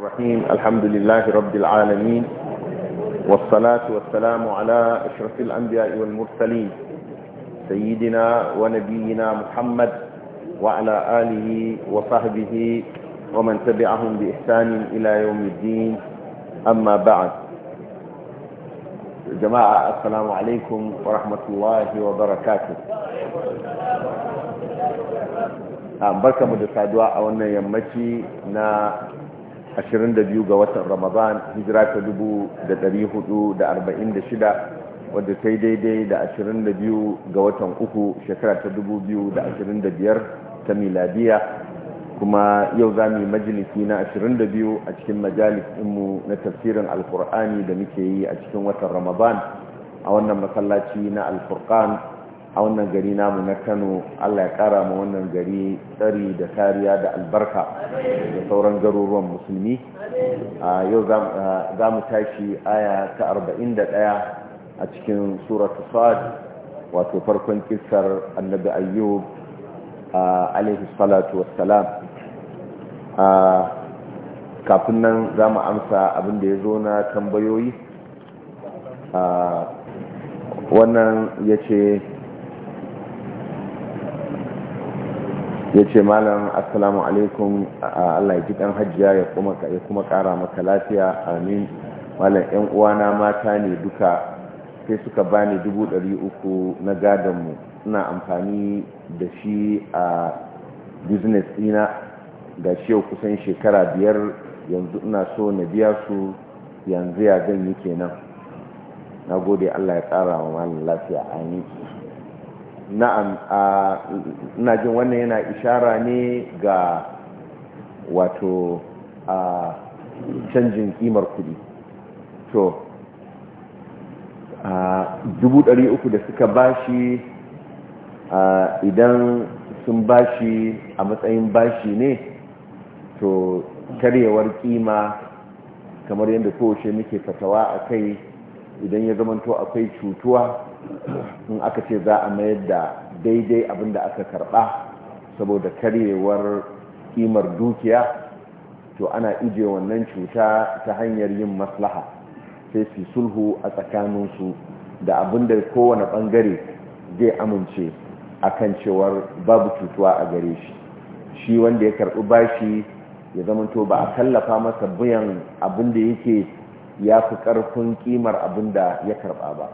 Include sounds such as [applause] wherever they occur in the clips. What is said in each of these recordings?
الرحيم الحمد لله رب العالمين والصلاة والسلام على أشرف الأنبياء والمرسلين سيدنا ونبينا محمد وعلى آله وصحبه ومن تبعهم بإحسان إلى يوم الدين أما بعد جماعة السلام عليكم ورحمة الله وبركاته barka mu da saduwa a wannan yammaci 22 ga watan ramadan hijira ta 446 wadda ta yi daidai da 22 ga watan uku shekara ta 2025 ta miladiya kuma yau za mu majalisi na 22 a cikin majalis ɗinmu na tafsirin alkur'ani da muke yi a cikin watan ramadan a wannan masallaci na alkur'an. a wannan gari namu na kano allah ya kara ma wannan gari tsari da kariya da albarka da sauran garuruwan musulmi yau za mu tashi aya ta 41 a cikin suratu sa'ad wato farkon kisar annabi ayyub alaihi salatu wassalam kafin nan za mu amsa abin da ya zo na tambayoyi wannan ya ce ya ce malam assalamu alaikum Allah ya ji dan hajjiya ya kuma kara maka lafiya amin malam yan uwana mata ne duka sai suka bani dubu ɗari uku na gadonmu suna amfani da shi a business dina ga shi kusan shekara biyar yanzu ina so na biya su yanzu ya zan yi kenan na gode Allah ya kara wa malam lafiya amin na'am ina jin wannan yana ishara ne ga wato a canjin kimar kudi to a dubu ɗari uku da suka bashi idan sun bashi a matsayin bashi ne to karyewar kima kamar yadda kowace muke fatawa a kai idan ya zamanto akwai cutuwa in aka ce za a mayar da daidai abin da aka karba saboda karyewar kimar dukiya to ana ije wannan cuta ta hanyar yin maslaha sai su sulhu a tsakaninsu da abinda da kowane bangare zai amince a kan cewar babu cutuwa a gare shi shi wanda ya karbi bashi ya zamanto ba a tallafa masa biyan abinda yake ya fi karfin kimar abinda ya karba ba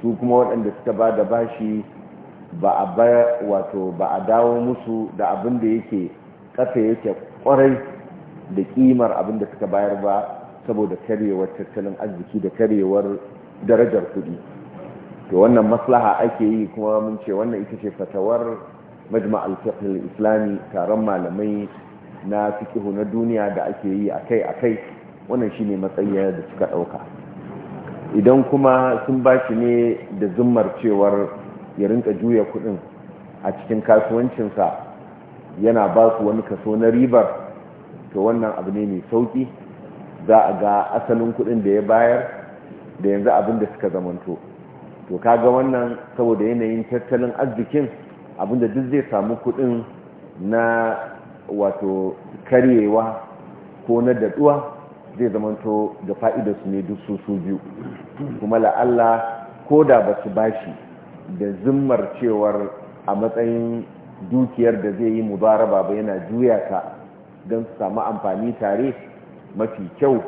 su kuma waɗanda suka ba da bashi ba a ba wato ba a dawo musu da abin da yake kafa yake kwarai da ƙimar abin da suka bayar ba saboda karyewar tattalin arziki da karyewar darajar kuɗi to wannan maslaha ake yi kuma mun ce wannan ita ce fatawar majma'a al islami taron malamai na fiqh na duniya da ake yi akai akai wannan shine matsayin da suka ɗauka. idan kuma sun ba shi ne da zummar cewar ya rinka juya kudin a cikin kasuwancinsa yana ba su wani kaso na ribar to wannan abu ne mai sauki za a ga asalin kudin da ya bayar da yanzu abin da suka zamanto to ka ga wannan saboda yanayin tattalin arzikin abinda duk zai samu kudin na wato karyewa ko na daduwa zai zamanto ga fa'idarsu ne duk su su biyu kuma la'alla ko da ba su bashi da zimmar cewar a matsayin dukiyar da zai yi mubaraba ba yana juya ka don su samu amfani tare mafi kyau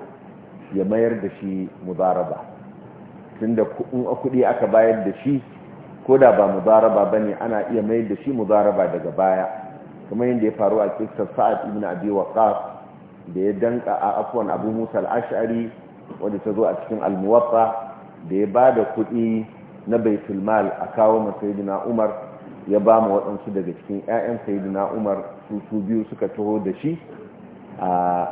ya mayar da shi mubaraba tun da kuɗi aka bayar da shi ko da ba mubaraba ba ne ana iya mayar da shi mubaraba daga baya kamar yadda ya faru a kisar sa'ad ibn abi waqas da ya danka a afwan abu musa al'ashari wadda ta zo a cikin almuwafa da ya ba da kuɗi na baitulmal a kawo ma umar ya ba mu waɗansu daga cikin 'ya'yan sayidina umar su su biyu suka taho da shi a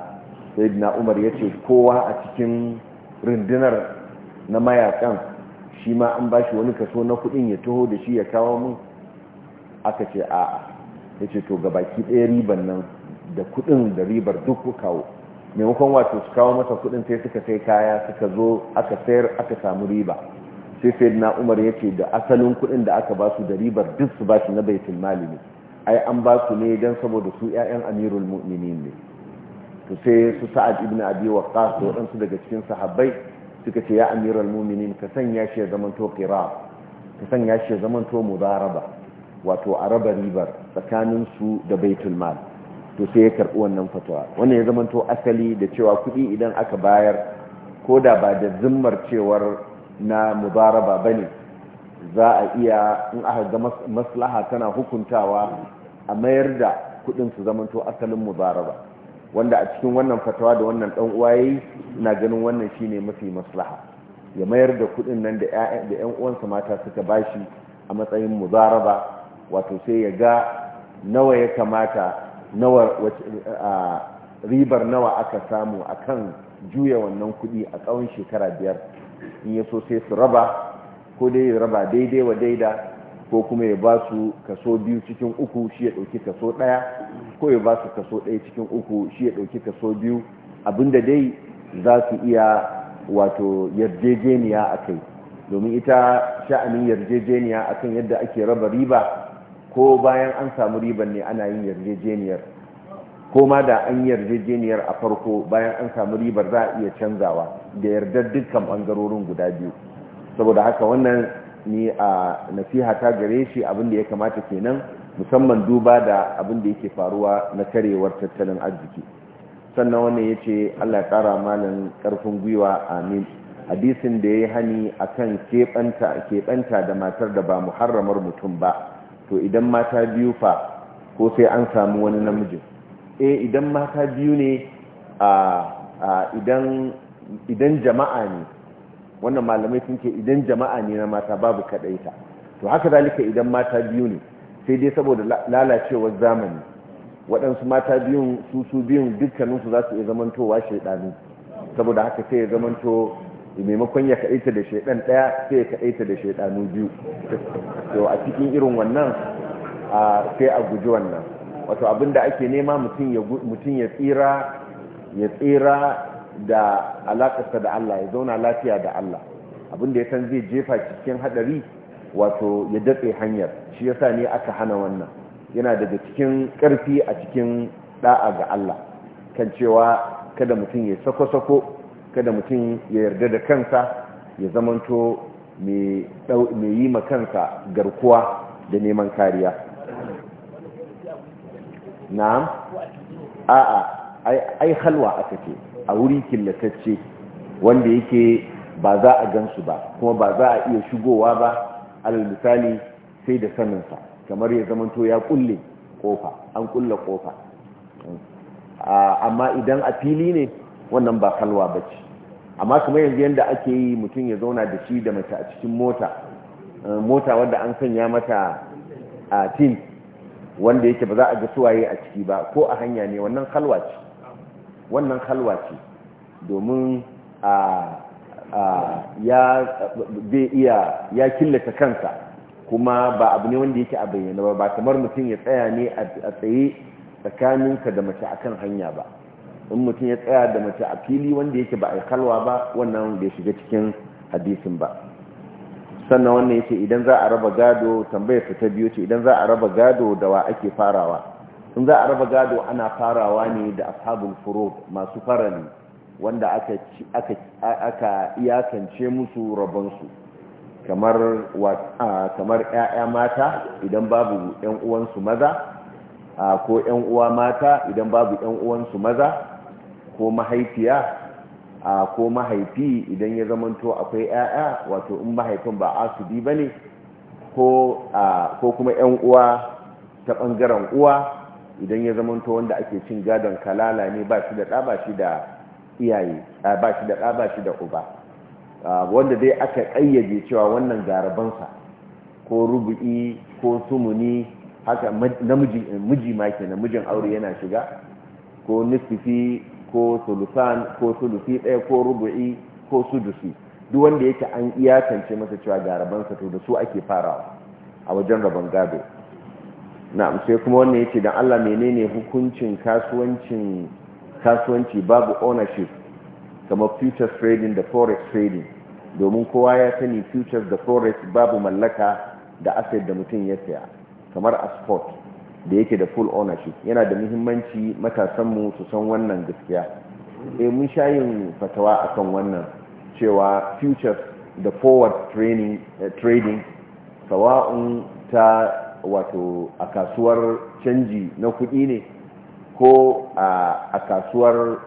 sayidina umar ya ce kowa a cikin rundunar na mayakan shi ma an ba shi wani kaso na kuɗin ya taho da shi ya kawo mun aka ce a'a ya ce to gabaki ɗaya riban nan da kudin da ribar duk ku kawo maimakon wato su kawo masa kudin sai suka sai kaya suka zo aka sayar aka samu riba sai sai na umar da asalin kudin da aka basu da ribar duk su basu na baitul mali ne ai an basu ne don saboda su 'ya'yan amirul mu'minin ne to sai su sa'ad ibn abi waqqas da su daga cikin sahabbai suka ce ya amirul mu'minin ka sanya shi ya zamanto qira ka sanya shi ya zamanto mudaraba wato a raba ribar tsakanin su da baitul mali to sai ya karɓi wannan fatawa wannan ya zamanto asali da cewa kuɗi idan aka bayar ko da ba da zimmar cewar na mubaraba ba ne za a iya in aka ga maslaha tana hukuntawa a mayar da kuɗin su zamanto asalin mubaraba wanda a cikin wannan fatawa da wannan ɗan uwa yayi ina ganin wannan shine mafi maslaha ya mayar da kuɗin nan da ƴan uwansa mata suka bashi a matsayin mubaraba wato sai ya ga nawa ya kamata nawa ribar nawa aka samu akan juya wannan kudi a tsawon shekara biyar in ya so sai su raba ko dai ya raba daidai wa daida ko kuma ya ba su kaso biyu cikin uku shi ya ɗauki kaso ɗaya ko ya ba su kaso ɗaya cikin uku shi ya ɗauki kaso biyu abinda dai za su iya wato yarjejeniya a kai domin ita sha'anin yarjejeniya a kan yadda ake raba riba ko bayan an samu riban ne ana yin yarjejeniyar ko ma da an yarjejeniyar a farko bayan an samu ribar za a iya canzawa da yardar dukkan bangarorin guda biyu saboda haka wannan ni a nasiha ta gare shi abin da ya kamata kenan musamman duba da abin da yake faruwa na karewar tattalin arziki sannan wannan ya ce allah kara malin karfin gwiwa amin hadisin da ya yi hani a kan keɓanta da matar da ba muharramar mutum ba to idan mata biyu fa ko sai an samu wani namiji. E idan mata biyu ne a idan jama'a ne wannan malamai sun ce idan jama'a ne na mata babu kadaita to haka zalika idan mata biyu ne sai dai saboda lalacewar zamani waɗansu mata biyun su su biyun dukkaninsu za su iya zamantowa shaidanu saboda haka sai ya zamanto maimakon ya ta da shaiɗan ɗaya sai ya kaɗaita da shaidanu biyu to a cikin irin wannan sai a guji wannan wato abinda ake nema mutum ya tsira ya tsira da alaƙarsa da Allah ya zauna lafiya da Allah abin da ya san zai jefa cikin haɗari wato ya datse hanyar shi yasa ne aka hana wannan yana daga cikin ƙarfi a cikin da'a ga Allah kan cewa kada mutum ya sako-sako kada mutum ya yarda da kansa ya zamanto mai yi ma kansa garkuwa da neman kariya na'am a'a ai halwa aka ce a wuri killatacce wanda yake ba za a gansu ba kuma ba za a iya shigowa ba alal misali sai da saninsa kamar ya zamanto ya kulle kofa an kulle kofa amma idan a fili ne wannan ba halwa ba ce amma kamar yanzu yadda ake yi mutum ya zauna da shi da mace a cikin mota eh, mota wadda an sanya mata a tin wanda yake ba za a ga suwaye a ciki ba ko a hanya ne wannan halwa ce wannan halwa ce domin a ya zai iya ya killata kansa kuma ba abu ne wanda yake a bayyana ba ba kamar mutum ya tsaya ne a tsaye tsakaninka da mace akan hanya ba in mutum ya tsaya da mace a fili wanda yake ba a yi kalwa ba wannan ya shiga cikin hadisin ba sannan wannan yake idan za a raba gado tambayar ta biyu ce idan za a raba gado da wa ake farawa in za a raba gado ana farawa ne da ashabul furo masu ne wanda aka iyakance musu rabonsu kamar kamar ƴaƴa mata idan babu ƴan uwansu maza ko 'yan uwa mata idan babu ƴan uwansu maza ko mahaifiya a ko mahaifi idan ya zamanto akwai 'ya'ya wato in mahaifin ba asibi ba ne ko kuma 'yan uwa ta ɓangaren uwa idan ya zamanto wanda ake cin gadon kalala ne ba shi da ɗa ba shi da iyaye ba shi da ɗa ba shi da uba wanda dai aka ƙayyade cewa wannan garabansa ko rubu'i ko sumuni haka namiji miji ma kenan mijin aure yana shiga ko nisfi ko sulusan ko sulusi ɗaya ko rubu'i ko sudusi duk wanda yake an iyakance masa cewa ga rabansa to da su ake farawa a wajen rabon gado na sai kuma wanda yake dan Allah menene hukuncin kasuwancin kasuwanci babu ownership kamar futures trading da forex trading domin kowa ya sani futures da forex babu mallaka da asset da mutum ya saya kamar a sport da yake da full ownership yana da muhimmanci matasanmu su san wannan gaskiya eh mun sha yin fatawa kan wannan cewa futures da forward training, eh, trading sawa'un ta wato a kasuwar canji na kudi ne ko a kasuwar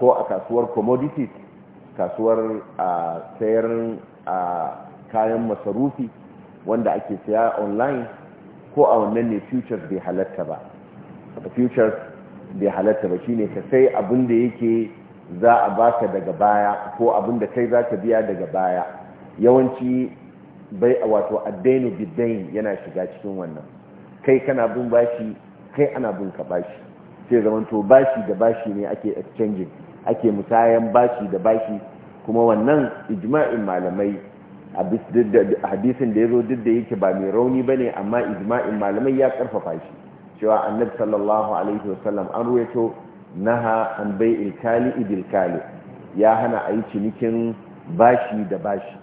ko a kasuwar commodities kasuwar a sayar kayan masarufi wanda ake saya online ko a wannan ne futures bai halatta ba futures bai halatta ba shine ka sai abin da yake za a baka daga baya ko abin da kai zaka biya daga baya yawanci bai a wato addainu bidain yana shiga cikin wannan kai kana bin bashi kai ana bin ka bashi sai zaman to bashi da bashi ne ake exchanging ake musayan bashi da bashi kuma wannan ijma'in malamai hadisin da ya zo duk da yake ba mai rauni ba ne amma ijma'in malamai ya karfafa shi cewa annabi sallallahu alaihi wasallam an ruwaito naha an bai ilkali kali ya hana a yi cinikin bashi da bashi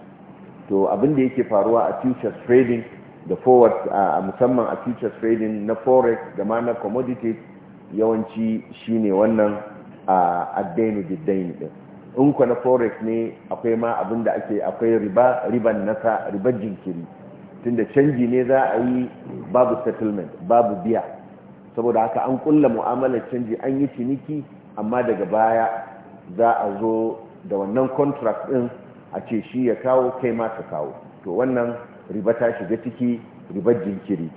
to abin da yake faruwa a futures trading da forward a musamman a futures trading na forex da ma na commodities yawanci shine wannan a addainu diddaini din in ku na forex ne akwai ma abin da ake akwai riba riban nasa ribar jinkiri tunda canji ne za a yi babu settlement babu biya saboda haka an kulla mu'amalar canji an yi ciniki amma daga baya za a zo da wannan contract din a ce shi ya kawo kai ma ka kawo to wannan riba ta shiga ciki ribar jinkiri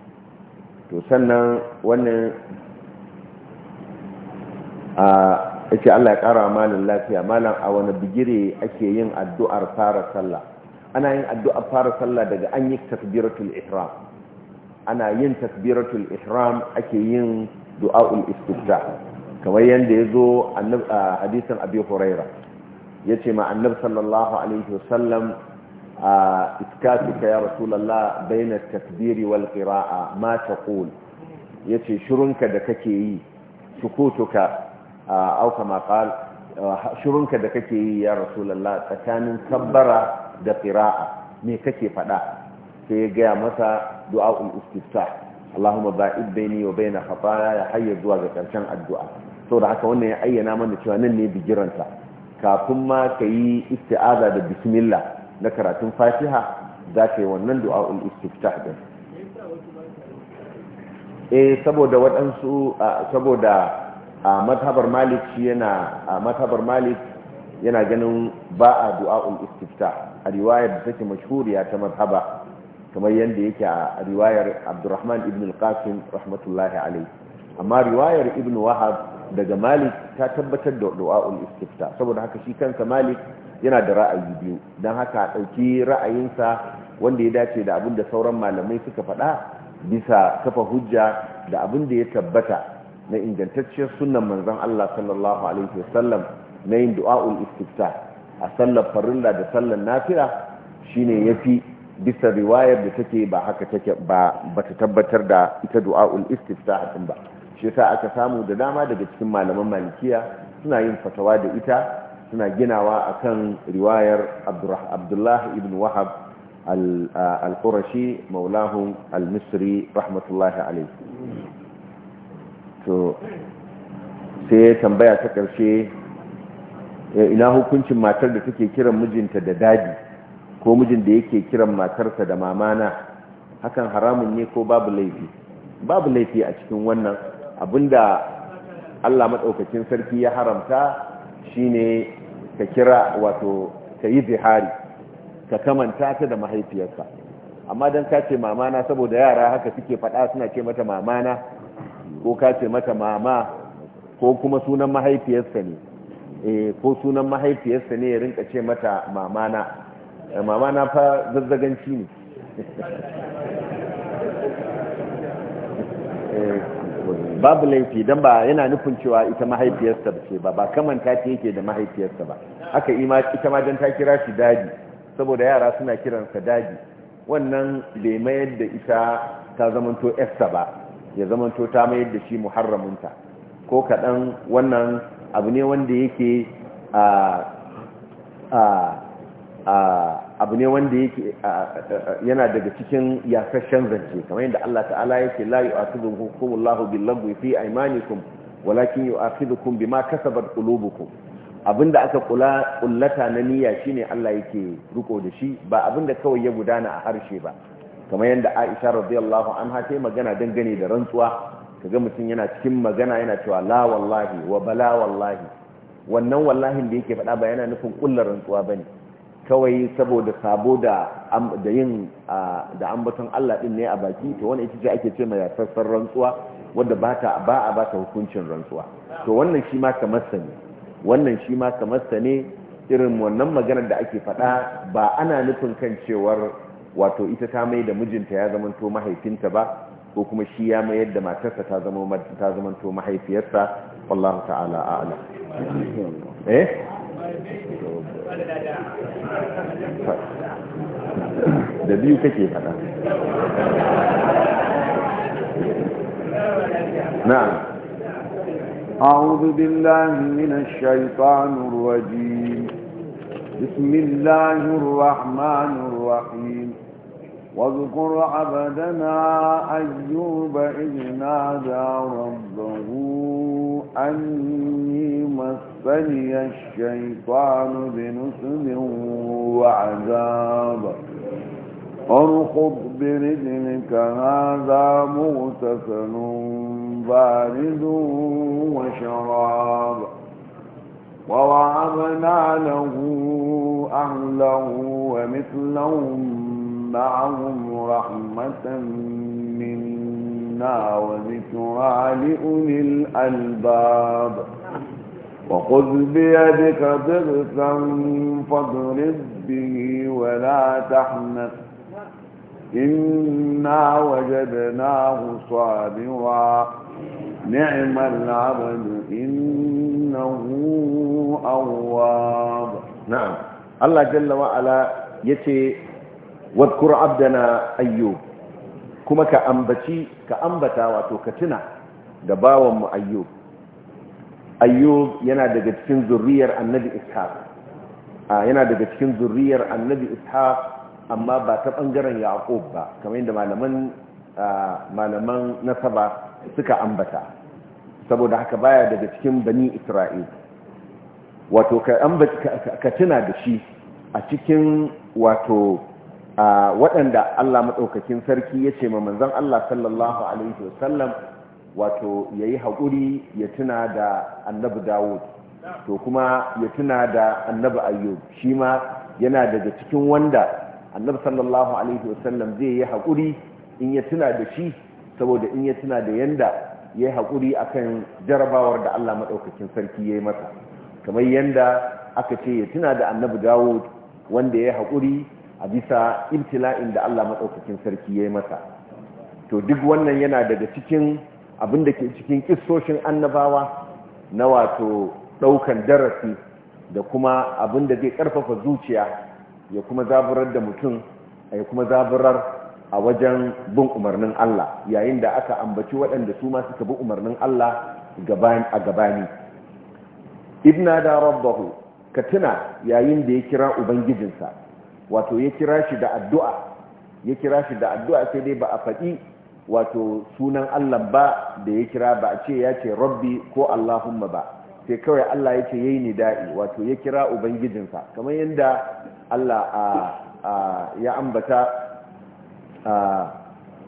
to sannan wannan a yace Allah ya kara malam lafiya malam a wani bigire ake yin addu'ar fara sallah ana yin addu'ar fara sallah daga an yi takbiratul ihram ana yin takbiratul ihram ake yin du'aul istiftah kamar yanda yazo a hadisin Abi Huraira yace ma annab sallallahu alaihi wasallam iskatuka ya rasulullah baina takbiri wal qira'a ma taqul yace shirunka da kake yi sukutuka au kama shirunka da kake yi ya rasulullah tsakanin kabbara da firaa me kake fada sai ya gaya masa du'a istiftah Allahumma ba'id baini wa baina ya hayya zuwa ga karshen addu'a saboda haka wannan ya ayyana mana cewa nan ne bigiranta kafin ma ka yi isti'aza da bismillah na karatun fatiha za ka yi wannan du'a istiftah din eh saboda waɗansu saboda a matabar malik yana a matabar malik yana ganin ba a du'a'ul istifta a riwayar da take mashhuriya ta mazhaba kamar yadda yake a riwayar abdurrahman ibn al-qasim rahmatullahi alayhi amma riwayar ibn wahab daga malik ta tabbatar da du'a'ul istifta saboda haka shi kansa malik yana da ra'ayi biyu dan haka ɗauki ra'ayinsa wanda ya dace da abin da sauran malamai suka faɗa bisa kafa hujja da abin da ya tabbata na ingantacciyar sunan manzon Allah sallallahu alaihi wasallam na yin du'a'ul istiftah a sallar farilla da sallar nafila shine yafi bisa riwayar da take ba haka take ba bata tabbatar da ita du'a'ul istiftah din ba shi yasa aka samu da dama daga cikin malaman malikiya suna yin fatawa da ita suna ginawa akan riwayar Abdullah ibn Wahab al-Qurashi maulahum al-Misri rahmatullahi alayhi to sai ya tambaya ta ƙarshe eh, ina hukuncin matar da take kiran mijinta da dadi ko mijin da yake kiran matarsa da mamana hakan haramun ne ko babu laifi babu laifi a cikin wannan abinda Allah maɗaukacin sarki ya haramta shine ka kira wato ka yi zihari ka kamanta ta da mahaifiyarsa amma don ka ce mamana saboda yara haka suke faɗa suna ce mata mamana ko ka ce mata mama ko kuma sunan mahaifiyarsa ne eh ko sunan mahaifiyarsa ne ya rinka ce mata mamana eh, mamana fa zazzaganci ne [laughs] eh, babu laifi don ba yana nufin cewa ita mahaifiyarsa ce ba ba kaman ta yake da mahaifiyarsa ba aka ima ita ma don ta kira shi daji saboda yara suna kiransa daji wannan bai mayar da ita ta zamanto yarsa ba ya zamanto ta mayar da shi muharramunta ko kaɗan wannan abu ne wanda yake abu ne wanda yake yana daga cikin yasashen zance kamar yadda Allah ta'ala yake la yu'akhidhukum Allahu bil-lagwi fi aymanikum walakin yu'akhidhukum bima kasabat qulubukum abinda aka kula kullata na niyya shine Allah yake riko da shi ba abinda kawai ya gudana a harshe ba kamar yadda aisha radiyallahu an ta magana dangane da rantsuwa ka ga mutum yana cikin magana yana cewa la wallahi wa bala wallahi wannan wallahin da yake faɗa ba yana nufin kullar rantsuwa ba ne kawai saboda sabo da yin da ambaton Allah din ne a baki to wani ita ake ce mai yasassar rantsuwa wadda ba a ba ta hukuncin rantsuwa to wannan shi ma kamar sa ne wannan shi ma kamar sa ne irin wannan maganar da ake faɗa ba ana nufin kan cewar wato ita ta mai da mijinta ya zamanto mahaifinta ba ko kuma shi ya mayar da matarsa ta zama ta zamanto mahaifiyarsa wallahu ta'ala a'lam eh da biyu kake fada na'am أعوذ بالله من الشيطان الرجيم بسم الله الرحمن الرحيم واذكر عبدنا أيوب إذ نادى ربه أني مسني الشيطان بنسل وعذاب ارخض برجلك هذا مغتسل بارد وشراب ووعظنا له أهله ومثلهم معهم رحمة منا وذكرى لأولي الألباب وخذ بيدك ضغثا فاضرب به ولا تحنث إنا وجدناه صابرا نعم العبد إنه أواب نعم الله جل وعلا يتي wadkur abdana ayyub kuma ka ambaci ka ambata wato ka tuna da bawanmu ayyub ayyub yana daga cikin zurriyar annabi ishaq yana daga cikin zurriyar annabi ishaq amma ba ta bangaren yaqub ba kamar yadda malaman malaman nasaba suka ambata saboda haka baya daga cikin bani isra'il wato ka ambata ka tuna da shi a cikin wato waɗanda Allah maɗaukakin sarki ya ce ma manzan Allah sallallahu Alaihi wasallam wato ya yi haƙuri ya tuna da annabi Dawud to kuma ya tuna da annabi Ayyub shi ma yana daga cikin wanda annabi sallallahu Alaihi wasallam zai yi haƙuri in ya tuna da shi saboda in ya tuna da yanda ya yi haƙuri akan jarabawar da Allah maɗaukakin sarki ya yi masa kamar yanda aka ce ya tuna da annabi Dawud wanda ya yi haƙuri a bisa ibtila'in da Allah matsaukakin sarki ya yi masa to duk wannan yana daga cikin abin da ke cikin kissoshin annabawa na wato ɗaukan darasi da kuma abin da zai ƙarfafa zuciya ya kuma zaburar da mutum ya kuma zaburar a wajen bin umarnin Allah yayin da aka ambaci waɗanda su ma suka bi umarnin Allah a gabani ibna da rabbahu ka tuna yayin da ya kira ubangijinsa wato ya kira shi da addu'a ya kira shi da addu'a sai dai ba a faɗi wato sunan Allah ba da ya kira ba a ce ya ce rabbi ko Allahumma ba sai kawai Allah ya ce yayi nida'i wato ya kira ubangijinsa kamar yadda Allah ya ambata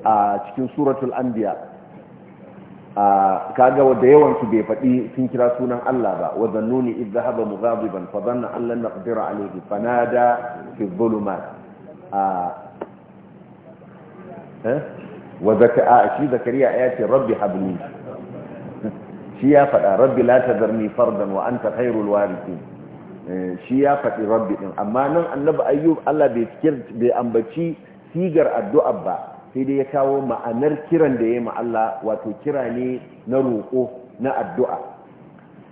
a cikin suratul anbiya kaga yawan su bai faɗi sun kira sunan Allah ba wa zannuni idh dhahaba mughadiban fa dhanna an lan naqdira alayhi fanada fi dhulumat eh wa zakaa shi zakariya ayati rabbi habni shi ya faɗa rabbi la tadarni fardan wa anta khairul warithin eh, shi ya faɗi rabbi din amma nan annabi ayyub Allah bai bai ambaci sigar addu'a ba sai dai ya kawo ma'anar kiran da ya yi Allah wato kira ne na roƙo na addu'a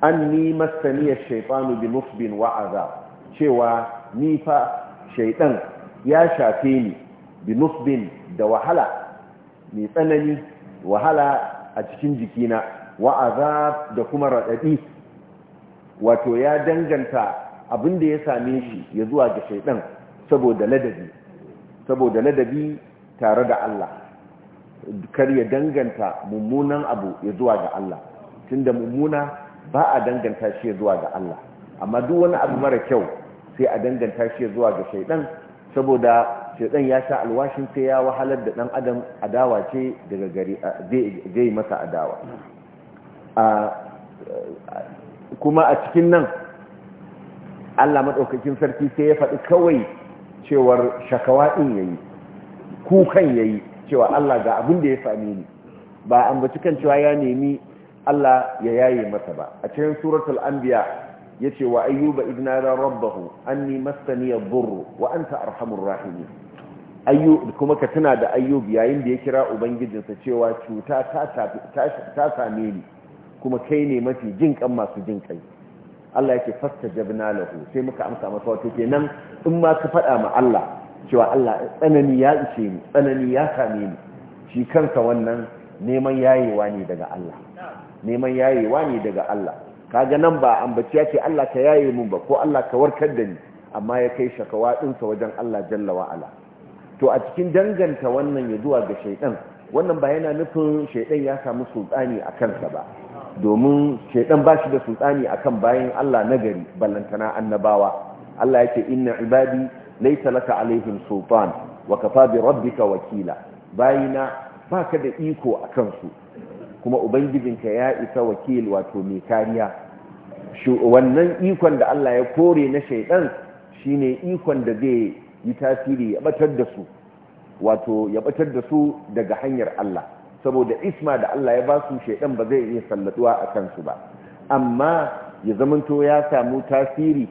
an ni masaniyar shaifanu bi musbin wa'aza cewa ni fa ya shafe ni bi musbin da wahala mai tsanani wahala a cikin jikina wa'aza da kuma raɗaɗi wato ya danganta abin da ya same shi ya zuwa ga shaiɗan saboda ladabi saboda ladabi tare da Allah kar ya danganta mummunan abu ya zuwa ga Allah tunda mummuna ba a danganta shi zuwa ga Allah amma duk wani abu mara kyau sai a danganta shi zuwa ga shaidan saboda shaidan ya sha alwashin sai ya wahalar da dan adam adawa ce daga gari zai masa adawa kuma a cikin nan Allah madaukakin sarki sai ya faɗi kawai cewar shakawa din yayi kukan ya yi cewa Allah ga abin da ya same ni ba an ba kan cewa ya nemi Allah ya yaye masa ba a cikin suratul anbiya ce wa ayyuba idna da rabbahu anni massani ad wa anta arhamur rahimin kuma ka tuna da ayyub yayin da ya kira ubangijinsa cewa cuta ta same ni kuma kai ne mafi jin kan masu jin kai Allah yake fastajabna lahu sai muka amsa masa wato kenan in ma ka faɗa ma Allah cewa Allah tsanani ya ishe ni tsanani ya same ni shi kansa wannan neman yayewa ne daga Allah neman yayewa ne daga Allah kaga nan ba ambaci yake Allah ka yaye mun ba ko Allah ka warkar da ni amma ya kai shakawa ɗinsa wajen Allah jalla ala to a cikin danganta wannan ya zuwa ga shaidan wannan ba yana nufin shaidan ya samu sultani a kansa ba domin shaidan ba shi da sultani akan bayin Allah nagari ballantana annabawa Allah yake inna ibadi laysa laka alaihim sultan wa kafa bi rabbika wakila bayina baka da iko akan su kuma ubangijin ka ya isa wakil wato mai kariya wannan ikon da Allah ya kore na shaidan shine ikon da zai yi tasiri ya batar da su wato ya batar da su daga hanyar Allah saboda isma da Allah ya ba su shaidan ba zai iya sallatuwa a kansu ba amma ya zamanto ya samu tasiri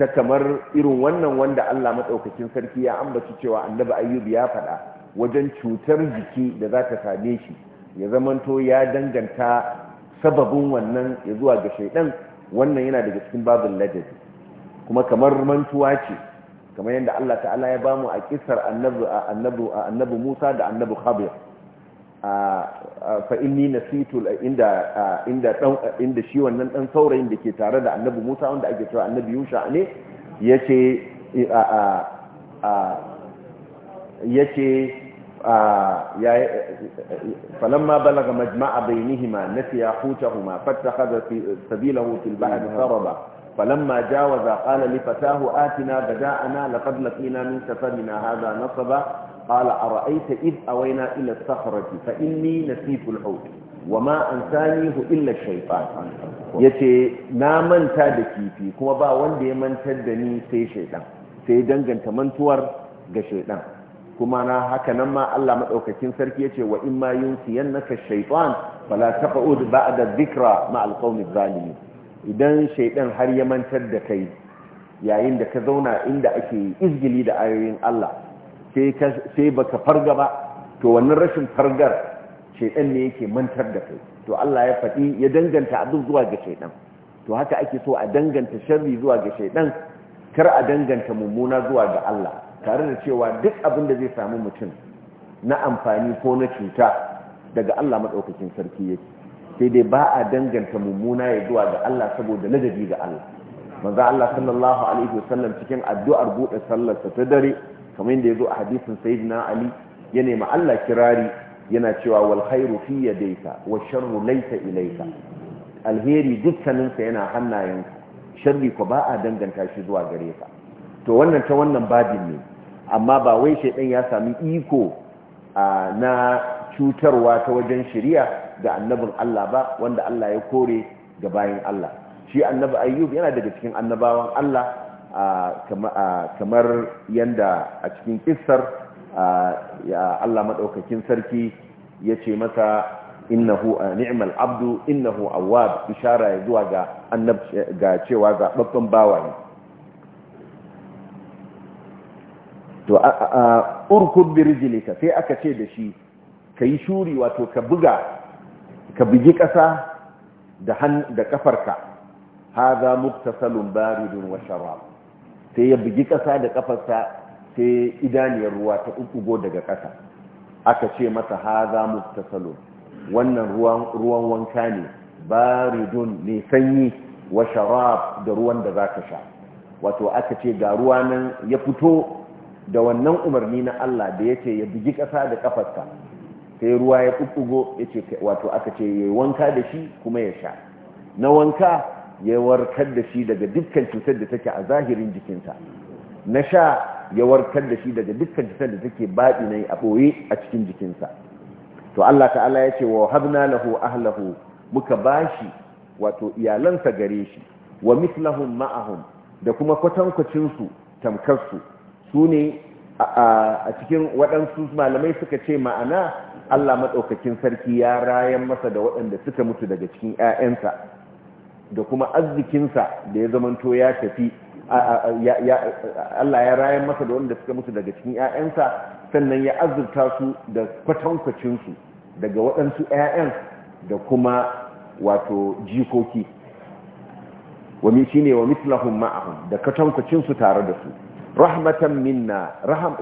ta kamar irin wannan wanda Allah maɗaukakin sarki ya ambaci cewa annabi ayyub ya faɗa wajen cutar jiki da za ta same shi ya zamanto ya danganta sababin wannan ya zuwa ga shaidan wannan yana daga cikin babin ladabi kuma kamar mantuwa ce kamar yadda Allah ta'ala ya bamu a kisar annabi Musa da annabi khabir fa inni nasitu inda inda dan inda shi wannan dan saurayin da ke tare da annabi Musa wanda ake cewa annabi Yusha ne yace a a yace ya falamma balaga majma'a bainihima nasiya hutahuma fattakhadha sabilahu fil bahri saraba فلما جاوز قال fatahu atina بداءنا لقد لقينا من haza هذا نصبا قال أرأيت إذ أوينا إلى الصخرة فإني نسيت الحوت وما أنسانيه إلا الشيطان يتي نامن تادكي في كما با وندي من تدني سي شيطان سي دنجن تمنتور شيطان كما أنا هكا نما الله مدعوكتين سركي يتي وإما ينسينك الشيطان فلا تقعد بعد الذكرى مع القوم الظالمين idan shaidan har ya mantar da kai yayin da ka zauna inda ake izgili da ayoyin Allah sai baka farga ba to wannan rashin fargar shaidan ne yake mantar da kai to Allah ya faɗi ya danganta abin zuwa ga shaidan to haka ake so a danganta sharri zuwa ga shaidan kar a danganta mummuna zuwa ga Allah tare da cewa duk abin da zai samu mutum na amfani ko na cuta daga Allah maɗaukacin sarki yake sai dai ba a danganta mummuna ya zuwa ga Allah saboda ladabi ga Allah manzo Allah sallallahu alaihi wasallam cikin addu'ar buɗe sallarsa ta dare kamar yadda ya zo a hadisin sayyidina ali ya nema Allah kirari yana cewa wal khairu fi yadayka wa sharru laysa ilayka alheri sa yana hannayen sharri ko ba a danganta shi zuwa gare ka to wannan ta wannan babin ne amma ba wai dan ya sami iko na cutarwa ta wajen shari'a ga annabin Allah ba wanda Allah ya kore ga bayin Allah shi annabi ayyub yana daga cikin annabawan Allah kamar yanda a cikin kissar Allah maɗaukakin sarki ya ce masa innahu ni'mal abdu innahu awwab ishara ya zuwa ga annab ga cewa zaɓaɓɓen bawa ne to urkud bi rijlika sai aka ce da shi kayi shuri wato ka buga ka bugi ƙasa da ƙafarka da kafarka hadha muktasalun baridun wa sharab sai ya bugi ƙasa da ƙafarsa sai idaniyar ruwa ta uɓugo daga ƙasa aka ce masa ha za haza mustasalo wannan ruwan wanka ne baridun ne sanyi wa sharab da ruwan da za ka sha wato aka ce ga ruwa nan ya fito da wannan umarni na Allah da ya ce ya bugi ƙasa da ƙafarsa sai ruwa ya uɓugo wato aka ce ya wanka da shi kuma ya sha na wanka ya warkar da shi daga dukkan cutar da take a zahirin jikinsa na sha ya warkar da shi daga dukkan cutar da take baɗi na a ɓoye a cikin jikinsa to Allah ta'ala ya ce wa habna lahu ahlahu muka bashi wato iyalansa gare shi wa mislahun ma'ahun da kuma kwatankwacin su tamkar su ne a cikin waɗansu malamai suka ce ma'ana Allah Maɗaukakin sarki ya rayan masa da waɗanda suka mutu daga cikin 'ya'yansa. da kuma arzikinsa da ya zamanto ya tafi Allah ya rayan masa da wanda suka mutu daga cikin 'ya'yansa sannan ya azurta su da kwatankwacinsu daga waɗansu 'ya'yan da kuma wato jikoki wani shi ne wa mitlahun ma'ahun da kwatankwacinsu tare da su rahmatan minna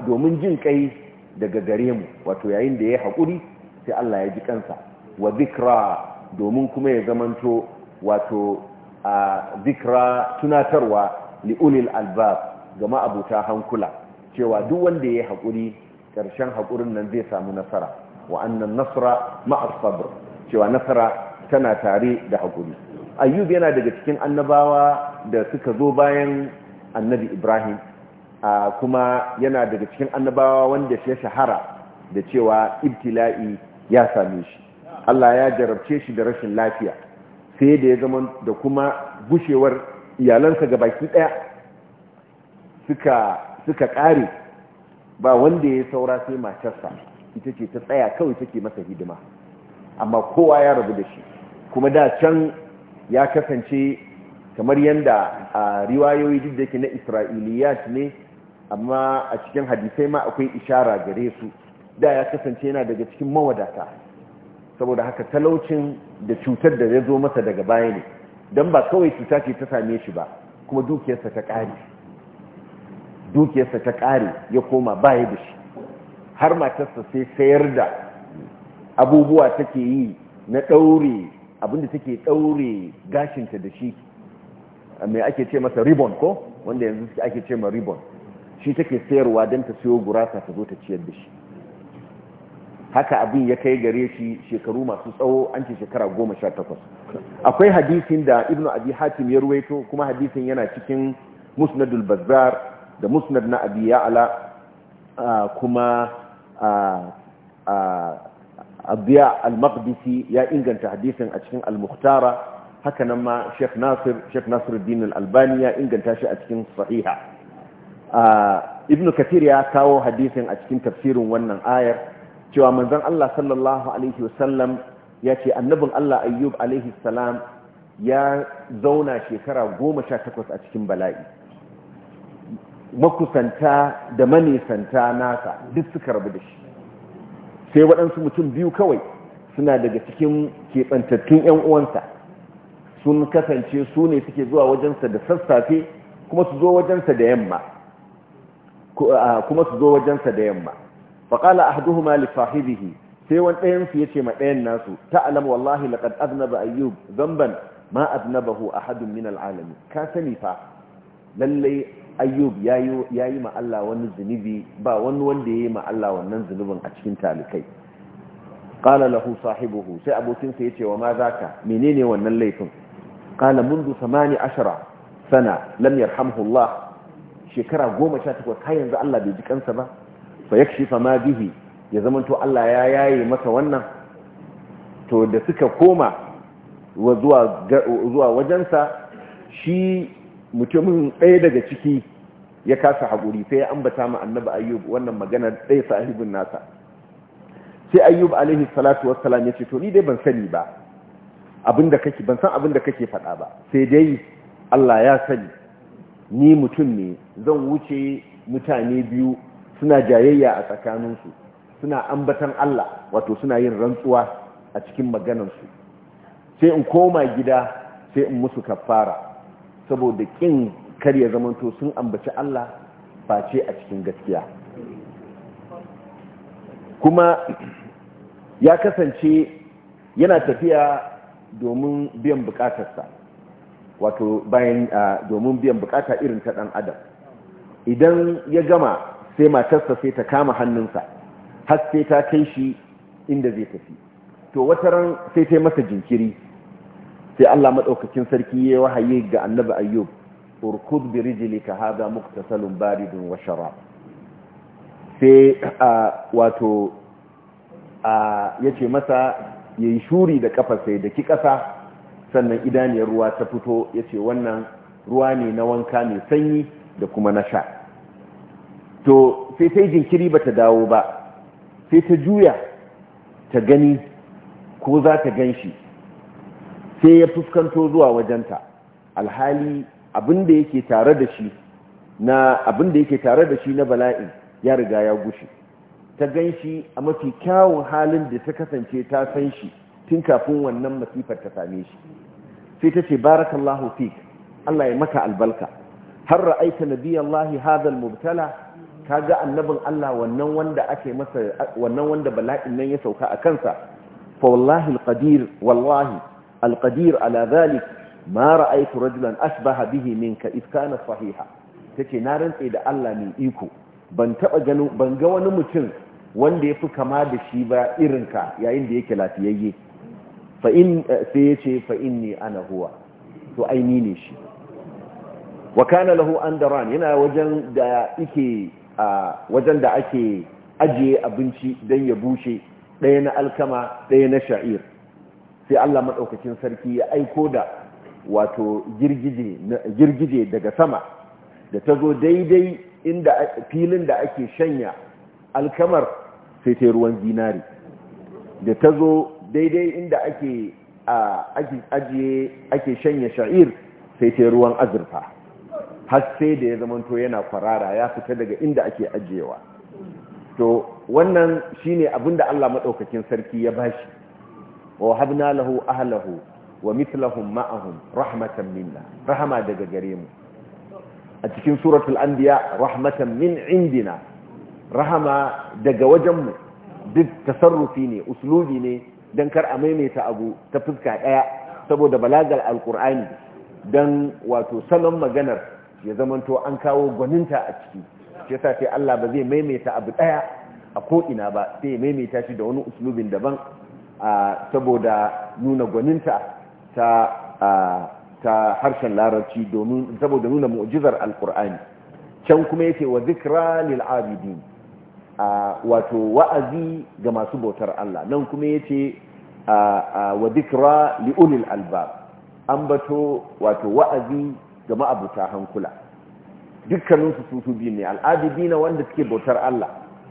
domin jin kai daga gare mu wato yayin da ya yi haƙuri sai Allah ya ji kansa wa zikra domin kuma ya zamanto wato a zikra tunatarwa li'ulil albab ga ma'abuta hankula cewa duk wanda ya yi haƙuri ƙarshen haƙurin nan zai samu nasara wa annan nasara ma'as cewa nasara tana tare da haƙuri ayyub yana daga cikin annabawa da suka zo bayan annabi ibrahim kuma yana daga cikin annabawa wanda ya shahara da cewa ibtila'i ya same shi Allah ya jarabce shi da rashin lafiya sai da ya zama da kuma gushewar iyalansa ga baki daya suka ƙare ba wanda ya saura sai matarsa ita ce ta tsaya kawai take masa hidima amma kowa ya rabu da shi kuma da can ya kasance kamar yadda a riwayoyi duk da na isra'iliyat ne amma a cikin hadisai ma akwai ishara gare su da ya kasance yana daga cikin mawadata saboda haka talaucin da cutar da ya zo masa daga baya ne don ba kawai cuta ce ta same shi ba kuma dukiyarsa ta ƙare dukiyarsa ta ƙare ya koma baya da shi har matarsa sai sayar da abubuwa take yi na ɗaure abinda take ɗaure gashinta da shi mai ake ce masa ribon ko wanda yanzu ake ce ma ribon shi take sayarwa don ta siyo gurasa ta zo ta ciyar da shi haka abin ya kai gare shi shekaru masu tsawo an ce shekara goma sha takwas akwai hadisin da ibn abi hatim ya ruwaito kuma hadisin yana cikin musnadul bazar da musnad na abi ya'ala kuma abiya al-maqdisi ya inganta hadisin a cikin al-mukhtara haka nan ma sheikh nasir sheikh din al-albani ya inganta shi a cikin sahiha ibn kathir ya kawo hadisin a cikin tafsirin wannan ayar cewa manzan Allah sallallahu alaihi wasallam ya ce annabin Allah ayyub alaihi salam ya zauna shekara goma sha takwas a cikin bala'i makusanta da manisanta nasa duk suka rabu da shi sai waɗansu mutum biyu kawai suna daga cikin keɓantattun 'yan uwansa sun kasance su ne suke zuwa wajensa da sassafe kuma kuma su zo wajensa da yamma faƙala a haduhu ma lifahidihi sai wani ɗayansu ya ce ma ɗayan nasu ta'alam wallahi laƙad aznaba ayyub zamban ma aznabahu ahadun min al'alami ka sani fa lallai ayyub ya yi ma Allah wani zunubi ba wani wanda ya yi ma Allah wannan zunubin a cikin talikai qala lahu sahibuhu sai abokinsa ya ce wa ma zaka menene wannan laifin qala mundu 18 sana lam yarhamhu Allah shekara 18 kai yanzu Allah bai ji kansa ba fa yakshifa ma bihi ya zamanto Allah ya yaye masa wannan to da suka koma zuwa wajensa shi mutumin ɗaya daga ciki ya kasa haƙuri sai ya ambata ma annabi ayyub wannan magana ɗaya sahibin nasa sai ayyub alaihi salatu wassalam ya ce to ni dai ban sani ba abinda kake ban san abinda kake faɗa ba sai dai Allah ya sani ni mutum ne zan wuce mutane biyu suna jayayya a tsakaninsu suna ambatan Allah wato suna yin rantsuwa a cikin maganansu sai in koma gida sai in musu kafara saboda kin karya zamanto sun ambaci Allah face a cikin gaskiya kuma ya kasance yana tafiya domin biyan bukatarsa wato bayan ah, domin biyan bukata irin ta dan adam idan ya gama sai matarsa sai ta kama hannunsa har sai ta kai shi inda zai tafi to wata ran sai ta yi masa jinkiri sai Allah madaukakin sarki ya wahayi ga annabi ayyub urkud bi rijlika hada muktasalun baridun wa sharab sai wato yace masa yayi shuri da kafa sai da ki kasa sannan idaniyar ruwa ta fito yace wannan ruwa ne na wanka mai sanyi da kuma na sha to sai sai jinkiri ba ta dawo ba sai ta juya ta gani ko za ta gan shi sai ya fuskanto zuwa wajenta alhali abinda yake tare da shi na abinda yake tare da shi na bala'in ya riga ya gushe ta gan shi a mafi kyawun halin da ta kasance ta san shi tun kafin wannan masifar ta same shi sai ta ce barakallahu fik Allah ya maka albalka har ra'aita nabiyallahi hadha almubtala Ka ga annabin Allah wannan wanda ake masa wannan wanda bala'in nan ya sauka a kansa fa wallahi alqadir wallahi alqadir ala zalik ma ra'aytu rajulan asbaha bihi minka id kana sahiha tace na rantse da Allah ne iko ban taba gano ban ga wani mutum wanda yafi kama da shi ba irin ka yayin da yake lafiyayye fa in sai yace fa inni ana huwa to aini ne shi wa kana lahu andaran yana wajen da yake a wajen da ake ajiye abinci don ya bushe ɗaya na alkama ɗaya na sha'ir sai Allah maɗaukacin sarki ya aiko da wato girgije daga sama da ta zo daidai inda filin da ake shanya alkamar sai ta ruwan zinari da ta zo daidai inda ake ajiye ake shanya sha'ir sai ta ruwan azurfa har sai da ya zamanto yana kwarara ya fita daga inda ake ajiyewa to wannan shine abinda Allah madaukakin sarki ya bashi wa habna lahu ahlahu wa mithluhum ma'ahum rahmatan minna rahama daga gare mu a cikin suratul anbiya rahmatan min indina rahama daga wajen mu duk tasarrufi ne uslubi ne dan kar a maimaita abu ta fuska daya saboda balagal alqur'ani dan wato salon maganar ya zamanto an kawo gwaninta a ciki shi yasa sai Allah ba zai maimaita abu daya a ko'ina ba sai ya maimaita shi da wani uslubin daban saboda nuna gwaninta ta harshen larabci domin saboda nuna mu'jizar alkur'ani can kuma yake wa zikra lil abidin wato wa'azi ga masu bautar Allah nan kuma yace wa zikra li ulil albab bato wato wa'azi ga ma'abuta hankula dukkaninsu su su biyu ne biyu na wanda suke bautar Allah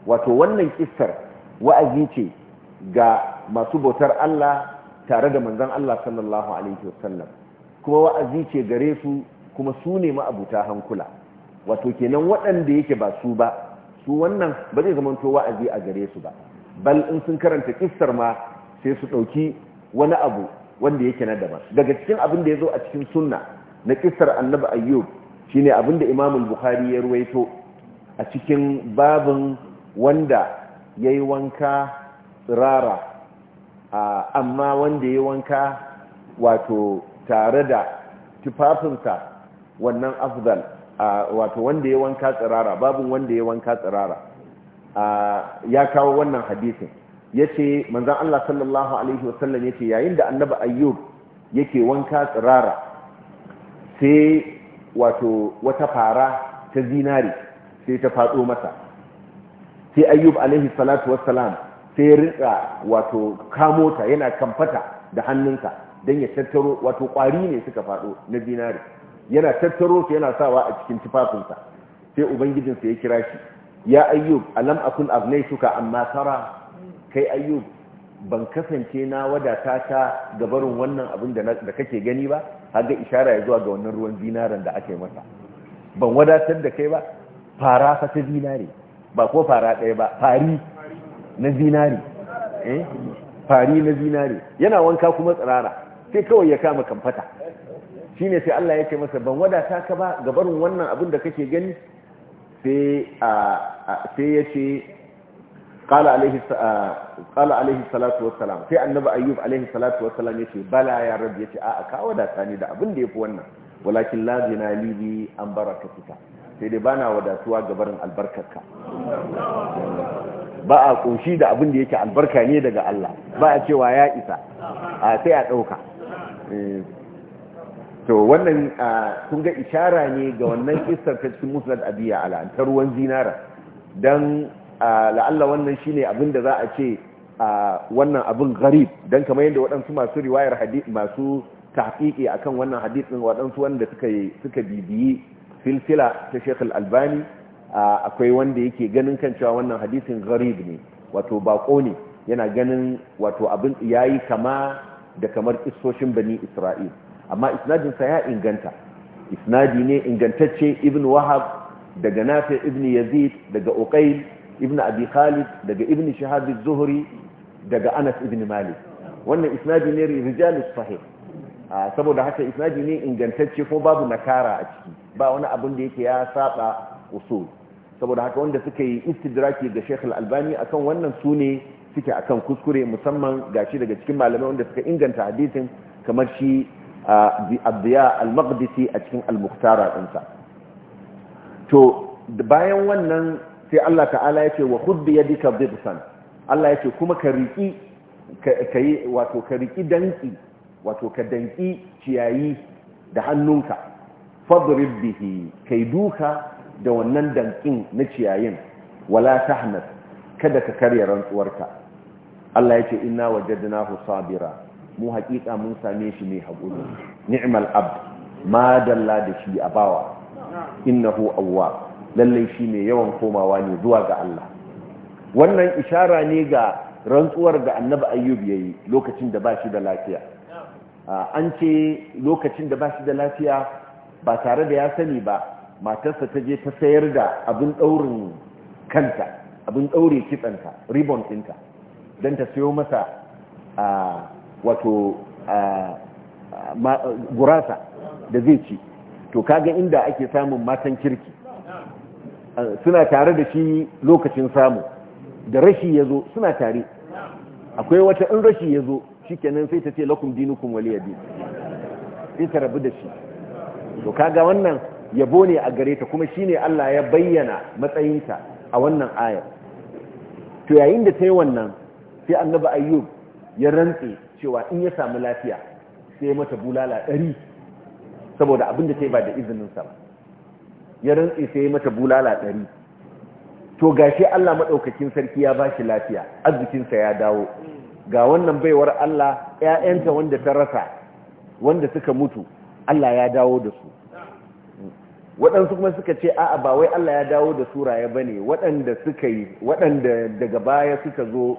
wato wannan kistar wa'azi ce ga masu bautar Allah tare da manzan Allah sallallahu alaihi wasallam kuma wa'azi ce gare su kuma su ne ma'abuta hankula wato kenan waɗanda yake ba su ba su wannan ba zai zama to wa'azi a gare su ba bal in sun karanta kistar ma sai su ɗauki wani abu wanda yake na daban daga cikin abin da ya zo a cikin sunna na kisar annabi ayyub shi ne abinda imamun bukhari ya ruwaito a cikin babin wanda ya yi wanka tsirara amma wanda yi wanka wato tare da tufafinsa wannan afdal wato wanda ya wanka tsirara babin wanda ya wanka tsirara ya kawo wannan hadisin yace manzan Allah sallallahu alaihi wasallam yace yayin da annabi ayyub yake wanka tsirara sai wato wata fara ta zinari sai ta faɗo masa sai ayyub alaihi salatu wassalam sai rinka wato kamo ta yana kamfata da hannunsa don ya tattaro wato kwari ne suka faɗo na zinari yana tattaro su yana sawa a cikin tufafinsa sai ubangijinsa ya kira shi ya ayyub alam akun suka amma tara kai ayyub ban kasance na wadata ta gabarin wannan abin da kake gani ba haga ishara ya zuwa ga wannan ruwan zinaren da aka yi masa ban wadatar da kai ba fara fa ta zinare ba ko fara ɗaya ba fari na zinare eh? fari na zinare yana wanka kuma tsirara sai kawai ya kama kamfata shi ne sai Allah ya ce masa ban wadata ka ba ga barin wannan abin da kake gani sai ya ce. qala alaihi ah, qala alaihi salatu wassalam sai annabi ayyub alaihi salatu wassalam yace bala ya rabbi yace a'a ka wadata ni da abin da yafi wannan walakin la zinali bi an barakatika sai dai bana wadatuwa ga barin albarkarka ba a kunshi da abin da yake albarka ne daga Allah ba a cewa ya isa a ah, sai a dauka eh, to wannan ah, kun ga ishara ne ga wannan kissar ta cikin musnad abiya ala ta ruwan zinara dan la'alla wannan shine abin da za a ce wannan abin garib don kamar yadda waɗansu masu riwayar hadith masu a kan wannan hadith waɗansu wanda suka bibiyi filfila ta Sheikh albani akwai wanda yake ganin kan cewa wannan hadisin garib ne wato bako ne yana ganin wato abin yi kama da kamar kistoshin Bani Isra'il amma isnadin sa ya inganta isnadi ne ingantacce Ibn Wahab daga Nafi' ibn Yazid daga Uqayl ibn abi khalid daga ibn shahab az-zuhri daga anas ibn malik wannan isnadi ne rijalus sahih ah, saboda haka isnadi ne ingantacce ko babu nakara a ciki ba wani abin da yake ya saba usul saboda haka wanda suka yi istidraki ga Sheikh Al-Albani akan wannan sune suke akan kuskure musamman gashi daga cikin malamai wanda suka inganta hadisin kamar shi ah, Abdiya Al-Maqdisi a cikin Al-Muqtara ɗinsa to bayan wannan sai Allah ta'ala ya ce wa hudbi yadika dhibsan Allah ya ce kuma ka riki ka yi wato ka riki danki wato ka danki ciyayi da hannunka fadrib bihi kai duka da wannan dankin na ciyayin wala tahnat kada ka karya rantsuwarka Allah ya ce inna wajadnahu sabira mu haƙiƙa mun same shi mai haƙuri ni'mal abd ma dalla da shi a bawa innahu awwab lallai shi ne yawan komawa ne zuwa ga Allah wannan ishara ne ga rantsuwar da annabi ayyub ya yi lokacin da ba shi da lafiya an ce lokacin da ba shi da lafiya ba tare da ya sani ba matarsa ta je ta sayar da abin ɗaurin kanta abin ɗaure kitsanta ribon ɗinta don ta sayo masa wato gurasa da zai ci to kaga inda ake samun matan kirki suna tare da shi lokacin samu da rashi ya zo suna tare akwai wata in rashi ya zo shi kenan sai ta ce lakum dinukum waliya bi sai ta rabu da shi to kaga wannan yabo ne a gare ta kuma shine Allah ya bayyana matsayinta a wannan ayar to yayin da ta yi wannan sai annabi ayyub ya rantse cewa in ya samu lafiya sai mata bulala ɗari saboda abin da ta yi ba da izininsa ba ya rantsi sai ya mata bulala ɗari to ga shi Allah maɗaukakin sarki ya ba shi lafiya arzikinsa ya dawo ga wannan baiwar Allah ‘ya'yanta wanda ta rasa wanda suka mutu Allah ya dawo da su waɗansu kuma suka ce a'a ba wai Allah ya dawo da su raye ba ne waɗanda suka yi waɗanda daga baya suka zo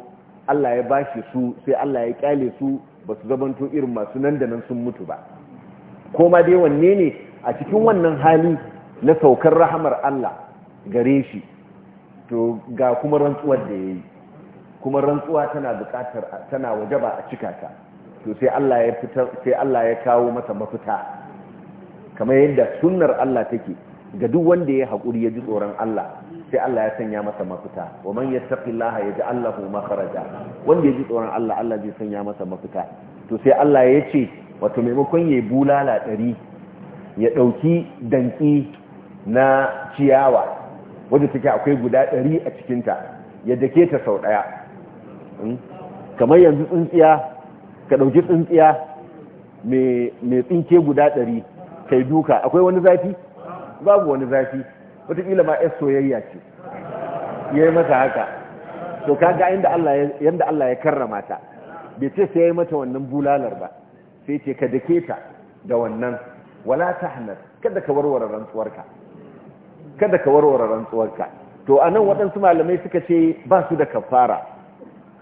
Allah ya ba shi su sai Allah ya ƙyale su ba su zamanto irin masu nan da nan sun mutu ba ko dai wanne ne a cikin wannan hali na saukar rahamar Allah gare shi to ga kuma rantsuwar da ya yi kuma rantsuwa tana bukatar tana waje ba a cika ta to sai Allah ya kawo masa mafita kamar yadda sunnar Allah take ga duk wanda ya haƙuri ya ji tsoron Allah sai Allah ya sanya masa mafita wa man Allah yaj'al lahu makharaja wanda ya ji tsoron Allah Allah zai sanya masa mafita to sai Allah ya ce wato maimakon yi bulala ɗari ya dauki danki na ciyawa wadda take akwai guda ɗari a cikinta yadda ke ta sau ɗaya hmm? kamar yanzu tsintsiya ka ɗauki tsintsiya mai tsinke guda ɗari kai duka akwai wani zafi babu wani zafi wataƙila ma yar soyayya ce ya yi mata haka to kaga yadda Allah ya karrama ta bai ce sai ya yi mata wannan bulalar ba sai ce ka dake ta da wannan wala ta hannar kada ka warware rantsuwarka kada ka warware rantsuwarka to anan waɗansu malamai suka ce ba su da kafara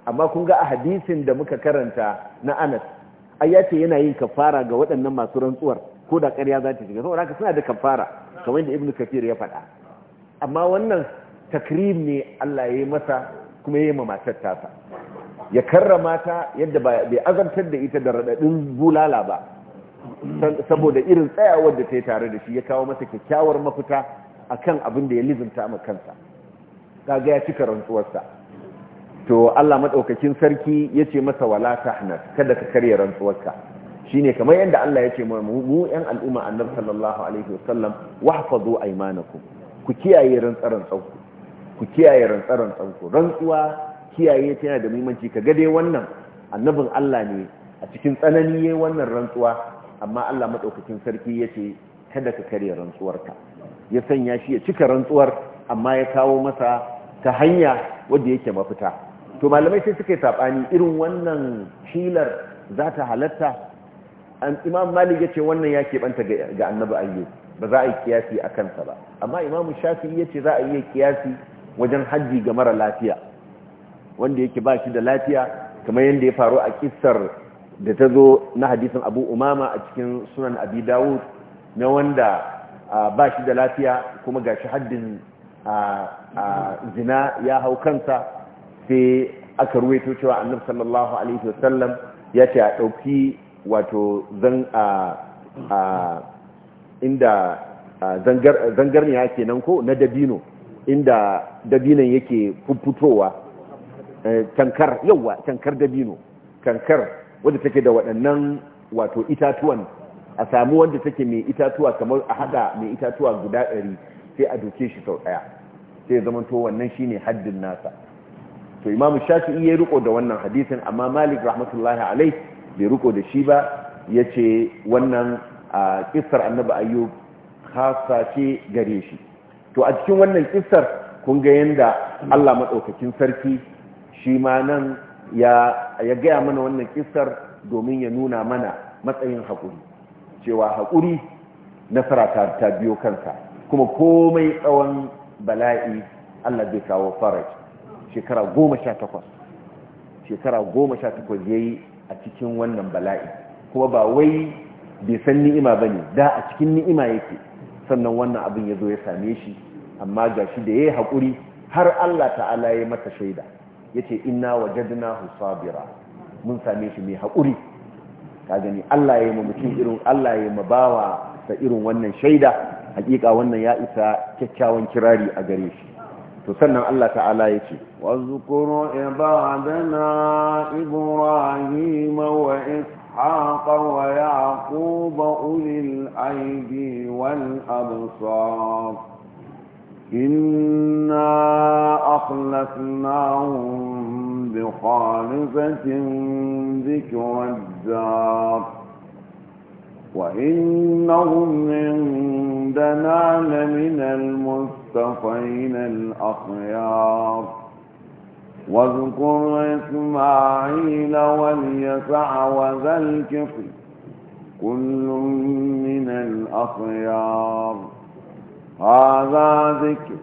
amma kun ga a hadisin da muka karanta na Anas ai ya ce yana yin kafara ga waɗannan masu rantsuwar ko da ƙarya za ta shiga saboda haka suna da kafara kamar da Ibn Kathir ya faɗa amma wannan takrim ne Allah ya yi masa kuma ya yi ma matar tasa ya karrama ta yadda bai azantar da ita da raɗaɗin bulala ba saboda irin tsayawar da ta yi tare da shi ya kawo masa kyakkyawar mafita akan abin da ya lizinta ma kansa kaga ya cika rantsuwarsa to Allah maɗaukakin sarki ya ce masa wala hana kada ka karya rantsuwarka ne kamar yadda Allah ya ce mu yan al'umma nan sallallahu alaihi wasallam wahfazu aymanakum ku kiyaye rantsaran ku kiyaye rantsaran rantsuwa kiyaye ta yana da muhimmanci Ka gade wannan annabin Allah ne a cikin tsanani wannan rantsuwa amma Allah maɗaukakin sarki ya ce kada ka karya rantsuwarka ya sanya shi ya cika rantsuwar amma ya kawo masa ta hanya wadda yake mafita to malamai sai suka yi saɓani irin wannan shilar za ta halatta imam malik ya ce wannan ya keɓanta ga annabi ayyu ba za a yi kiyasi a kansa ba amma imamu shafi ya ce za a yi kiyasi wajen hajji ga mara lafiya wanda yake ba shi da lafiya kamar yadda ya faru a kissar da ta zo na hadisin abu umama a cikin sunan abi dawud na wanda ba shi da lafiya kuma ga shi haddin zina ya hau kansa sai aka ruwaito cewa annabi sallallahu alaihi wasallam ya ce a ɗauki wato zan a inda zangarniya kenan ko na dabino inda dabinan yake fuffutowa kankar eh, yawa kankar dabino kankar wadda take da waɗannan wato itatuwan a samu wanda take mai itatuwa kamar a hada mai itatuwa guda ɗari sai a doke shi sau ɗaya sai zama to wannan shine haddin nasa to imam shafi'i ya riko da wannan hadisin amma malik rahmatullahi alai bai riko da shi ba ya ce wannan kissar annabi ayyub khassa ce gare shi to a cikin wannan kisar kun ga yanda Allah maɗaukakin sarki shi ma nan ya gaya mana wannan kisar domin ya nuna mana matsayin haƙuri. cewa haƙuri nasara ta ta biyo kansa kuma komai tsawon bala'i Allah zai kawo faraj shekara goma sha takwas shekara goma sha takwas ya yi a cikin wannan bala'i kuma ba wai bai san ni'ima ba ne da a cikin ni'ima yake sannan wannan abin ya zo ya same shi amma ga shi da ya yi haƙuri har Allah ta'ala ya masa shaida ya ce inna wajadna bira mun same shi mai haƙuri ka gani Allah ya yi mutum irin Allah ya yi bawa ta irin wannan shaida hakika wannan ya isa kyakkyawan kirari a gare shi to sannan Allah ta'ala ya ce wazkuru ibadana ibrahima wa ishaqa wa yaquba ulil aidi wal absar إنا أخلفناهم بخالفة ذكر الدار وإنهم عندنا لمن المصطفين الأخيار واذكر إسماعيل واليسع وذا الكفر كل من الأخيار هذا ذكر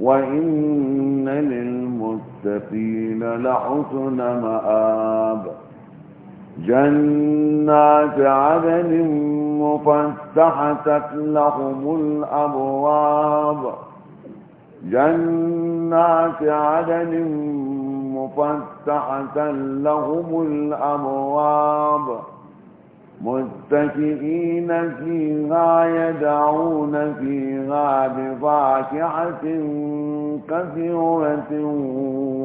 وإن للمتقين لحسن مآب جنات عدن مفتحت لهم الأبواب جنات عدن مفتحة لهم الأبواب متكئين فيها يدعون فيها بفاكحة كثيرة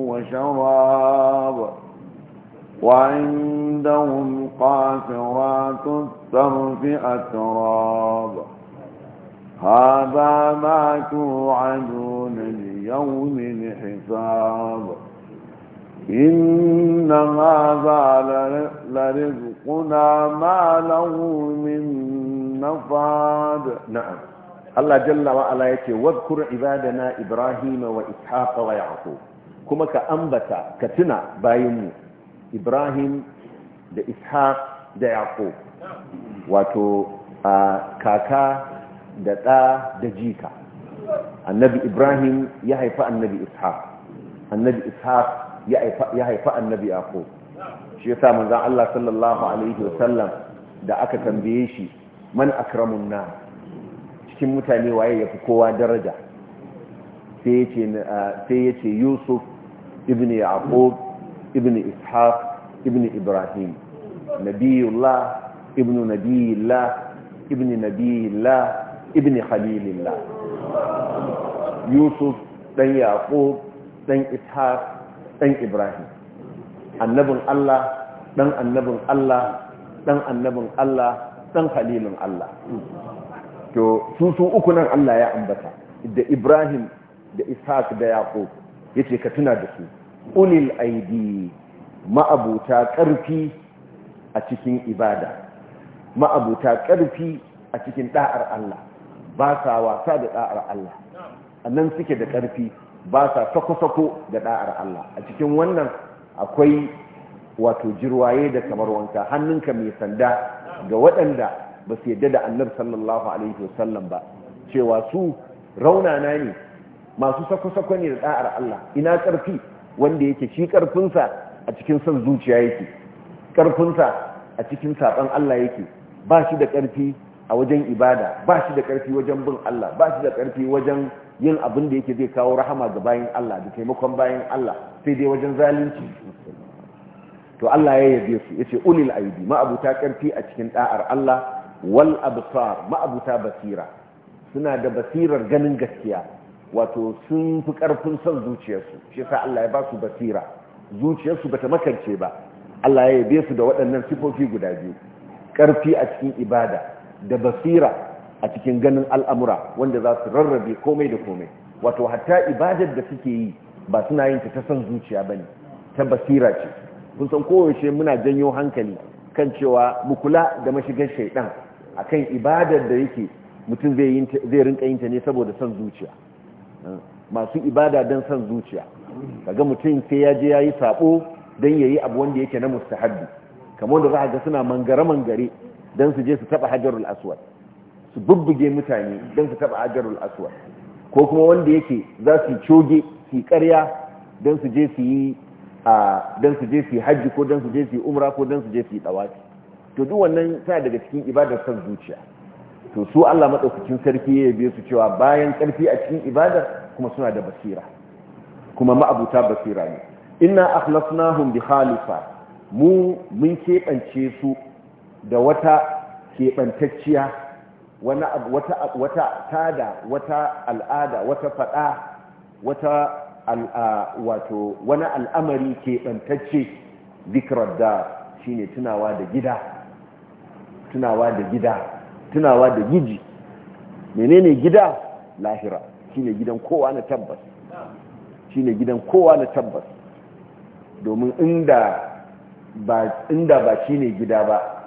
وشراب وعندهم قاصرات الترف أتراب هذا ما توعدون ليوم الحساب إن هذا لرزقنا ما له من نفاد نعم الله جل وعلا يتي واذكر عبادنا إبراهيم وإسحاق ويعقوب كما كأنبتا كتنا بايمو إبراهيم da ishaq da yaƙo wato kaka da ɗa da jika annabi ibrahim ya haifi annabi ishaq annabi ishaq ya haifa annabi yaqub shi yasa manzon Allah sallallahu alaihi wasallam da aka tambaye shi man akramun na cikin mutane waye ya fi kowa daraja sai yace yusuf ibn yaqub ibn ishaq ibn ibrahim nabiyullah ibn nabiyillah ibn nabiyillah ibn khalilillah yusuf dan yaqub dan ishaq ɗan ibrahim annabin allah ɗan annabin allah ɗan annabin allah ɗan halilin allah to su su uku nan allah ya ambata da ibrahim da ishaq da yaqub yace ka tuna da su ulil aidi ma'abuta ƙarfi a cikin ibada ma'abuta ƙarfi a cikin ɗa'ar Allah ba sa wasa da ɗa'ar Allah annan suke da ƙarfi ba sa sako-sako da da'ar Allah a cikin wannan akwai wato jirwaye da kamar wanka hannunka mai sanda ga waɗanda ba su yadda da annar sallallahu alaihi wasallam ba cewa su raunana ne masu sako-sako ne da da'ar Allah ina ƙarfi wanda yake shi ƙarfinsa a cikin son zuciya yake ƙarfinsa a cikin saɓon Allah yake ba shi da ƙarfi a wajen ibada ba shi da ƙarfi wajen bin Allah ba shi da ƙarfi wajen yin abin da yake zai kawo rahama ga bayan Allah da taimakon bayan Allah sai dai wajen zalunci to Allah ya yabe su yace ulil aidi ma'abuta ƙarfi a cikin da'ar Allah wal absar ma'abuta basira suna da basirar ganin gaskiya wato sun fi ƙarfin son zuciyarsu shi yasa Allah ya ba su basira zuciyarsu bata makance ba Allah ya yabe su da waɗannan sifofi guda biyu ƙarfi a cikin ibada da basira a cikin ganin al'amura wanda za su rarrabe komai da komai wato hatta ibadar da suke yi ba suna yin ta san zuciya ba ne. ta basira ce kun san kowace muna janyo hankali kan cewa mu da mashigar shaidan a kan ibadar da yake mutum zai rinka yin ta ne saboda san zuciya masu ibada don san zuciya kaga mutum sai ya je ya yi sabo don ya yi abu wanda yake na mustahabbi kamar da za a ga suna mangare-mangare don su je su taba hajarul aswad su bubbuge mutane don su taba hajarul aswad ko kuma wanda yake za su coge su karya don su je su yi a don su je su hajji ko don su je su yi umra ko don su je su yi dawaki to duk wannan sa daga cikin ibadar san zuciya to su Allah madaukakin sarki ya biye su cewa bayan karfi a cikin ibadar kuma suna da basira kuma ma'abuta basira ne inna akhlasnahum bi khalifa mu mun keɓance su da wata keɓantacciya wata tada wata al'ada wata faɗa wata wato wani al'amari keɓantacce zikirar da shi ne tunawa da gida tunawa da gida tunawa da giji menene gida lahira shi ne gidan kowa na tabbas shi ne gidan kowa na tabbas domin inda ba shi ne gida ba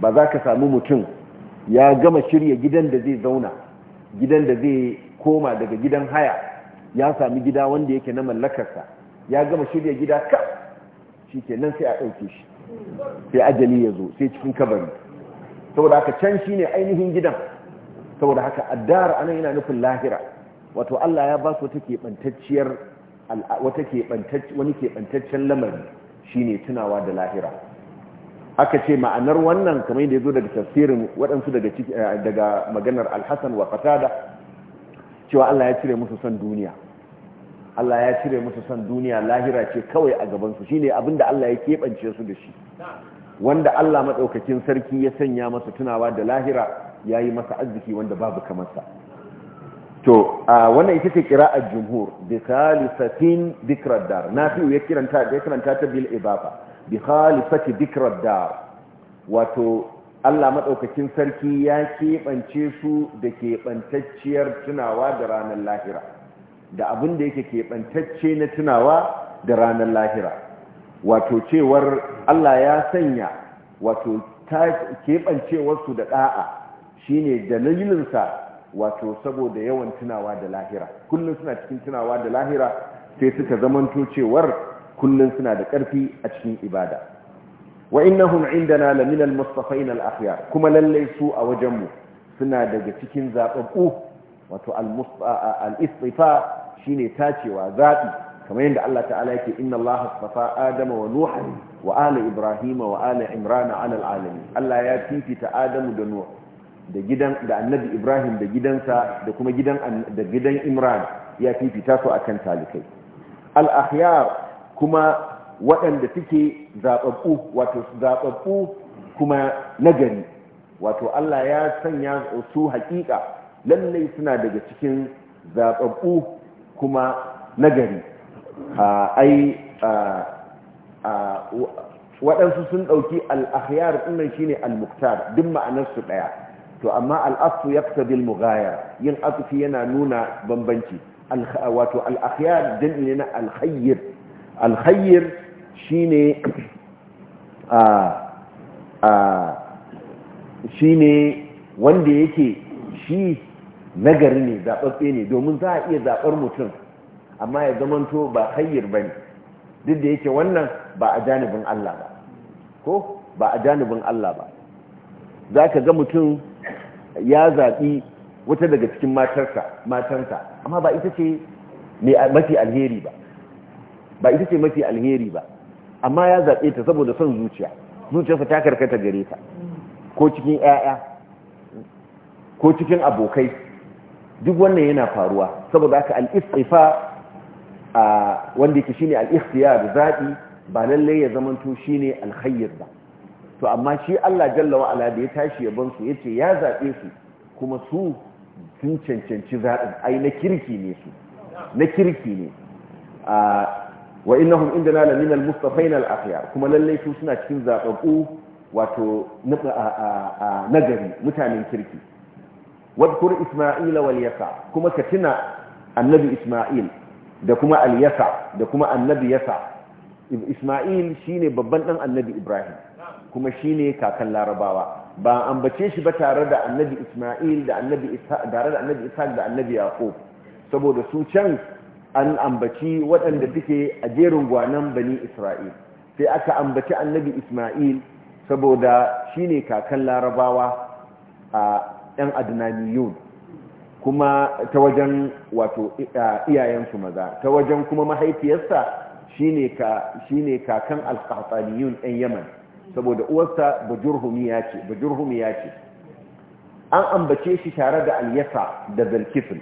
ba za ka sami mutum ya gama shirya gidan da zai zauna gidan da zai koma daga gidan haya ya sami gida wanda yake na mallakarsa ya gama shirya gida ka shi ke nan sai a ɗauke shi sai ajali ya zo sai cikin kabari saboda haka can shi ne ainihin gidan saboda haka addara ana yana nufin lahira wato Allah ya ba su wata keɓantacciyar wani keɓantaccen lamari shine tunawa da lahira aka ce ma'anar wannan kamar yadda ya zo daga tafsirin waɗansu daga eh, maganar alhassan wa fatada cewa Allah ya cire musu son duniya Allah ya cire musu son duniya lahira ce kawai a gabansu shi ne abinda Allah ya keɓance su da shi wanda Allah maɗaukakin sarki ya sanya masa tunawa da lahira ya yi masa arziki wanda babu kamarsa to wannan ita ce a jumhur bisali Safin dikradar na fi ya kiranta ta bil ibafa bi khalifati dhikra dar wato Allah madaukakin sarki ya keɓance su da keɓantacciyar tunawa da ranar lahira da abin da yake keɓantacce na tunawa da ranar lahira wato cewar Allah ya sanya wato keɓancewarsu da ɗa'a shine dalilinsa wato saboda yawan tunawa da lahira kullum suna cikin tunawa da lahira sai suka zamanto cewar kullum suna da ƙarfi a cikin ibada wa innahum indana laminal mustafain al akhyar kuma lalle su a wajenmu suna daga cikin zababbu wato al istifa shine tacewa zabi kamar yadda Allah ta'ala yake inna Allah astafa adama wa nuha wa ala ibrahima wa ala imrana ala alamin Allah ya fifita adamu da nuh da gidan da annabi ibrahim da gidansa da kuma gidan da gidan imran ya fifita su akan talikai al akhyar kuma waɗanda suke zaɓaɓɓu wato zaɓaɓɓu kuma nagari wato Allah ya sanya su haƙiƙa lallai suna daga cikin zaɓaɓɓu kuma nagari ai waɗansu sun ɗauki al'ahiyar ɗinnan shine al-muktar duk ma'anarsu ɗaya to amma al'afu ya fita bil mugaya yin afufi yana nuna bambanci wato al'ahiyar ne na alhayyar alhayyir shine a a shine wanda yake shi nagari ne zaɓaɓɓe ne domin za a iya zaɓar mutum amma ya zamanto ba hayyar ba ne duk da yake wannan ba a janibin Allah ba ko ba a janibin Allah ba za ka ga mutum ya zaɓi wata daga cikin matarsa amma ba ita ce mafi alheri ba ba ita ce mafi alheri ba amma ya zaɓe ta saboda son zuciya zuciyarsa ta karkata gare ta ko cikin 'ya'ya ko cikin abokai duk wannan yana faruwa saboda haka al a wanda yake shine al da zaɓi ba lallai ya zamanto shine alhayyar ba to amma shi Allah jalla wa ala da ya tashi ya su yace ya zaɓe su kuma su sun cancanci zaɓin ai na kirki ne su na kirki ne wa innahum indana la min al-mustafain al-akhyar kuma lallai su suna cikin zababu wato nagari mutanen kirki wadkur isma'ila wal yasa kuma ka tuna annabi isma'il da kuma al yasa da kuma annabi yasa isma'il shine babban dan annabi ibrahim kuma shine kakan larabawa ba an ambace shi ba tare da annabi isma'il da annabi isa da annabi isa da annabi yaqub saboda su can an ambaci waɗanda suke a jerin gwanan bani isra'il sai aka ambaci annabi isma'il saboda shi ne kakan larabawa a ‘yan adnaniyun kuma ta wajen wato iyayensu maza ta wajen kuma mahaifiyarsa shi ne kakan alƙasaniyun ‘yan yaman saboda uwarsa bajurhumiya ce ce an ambace shi tare da alyasa da zalkifin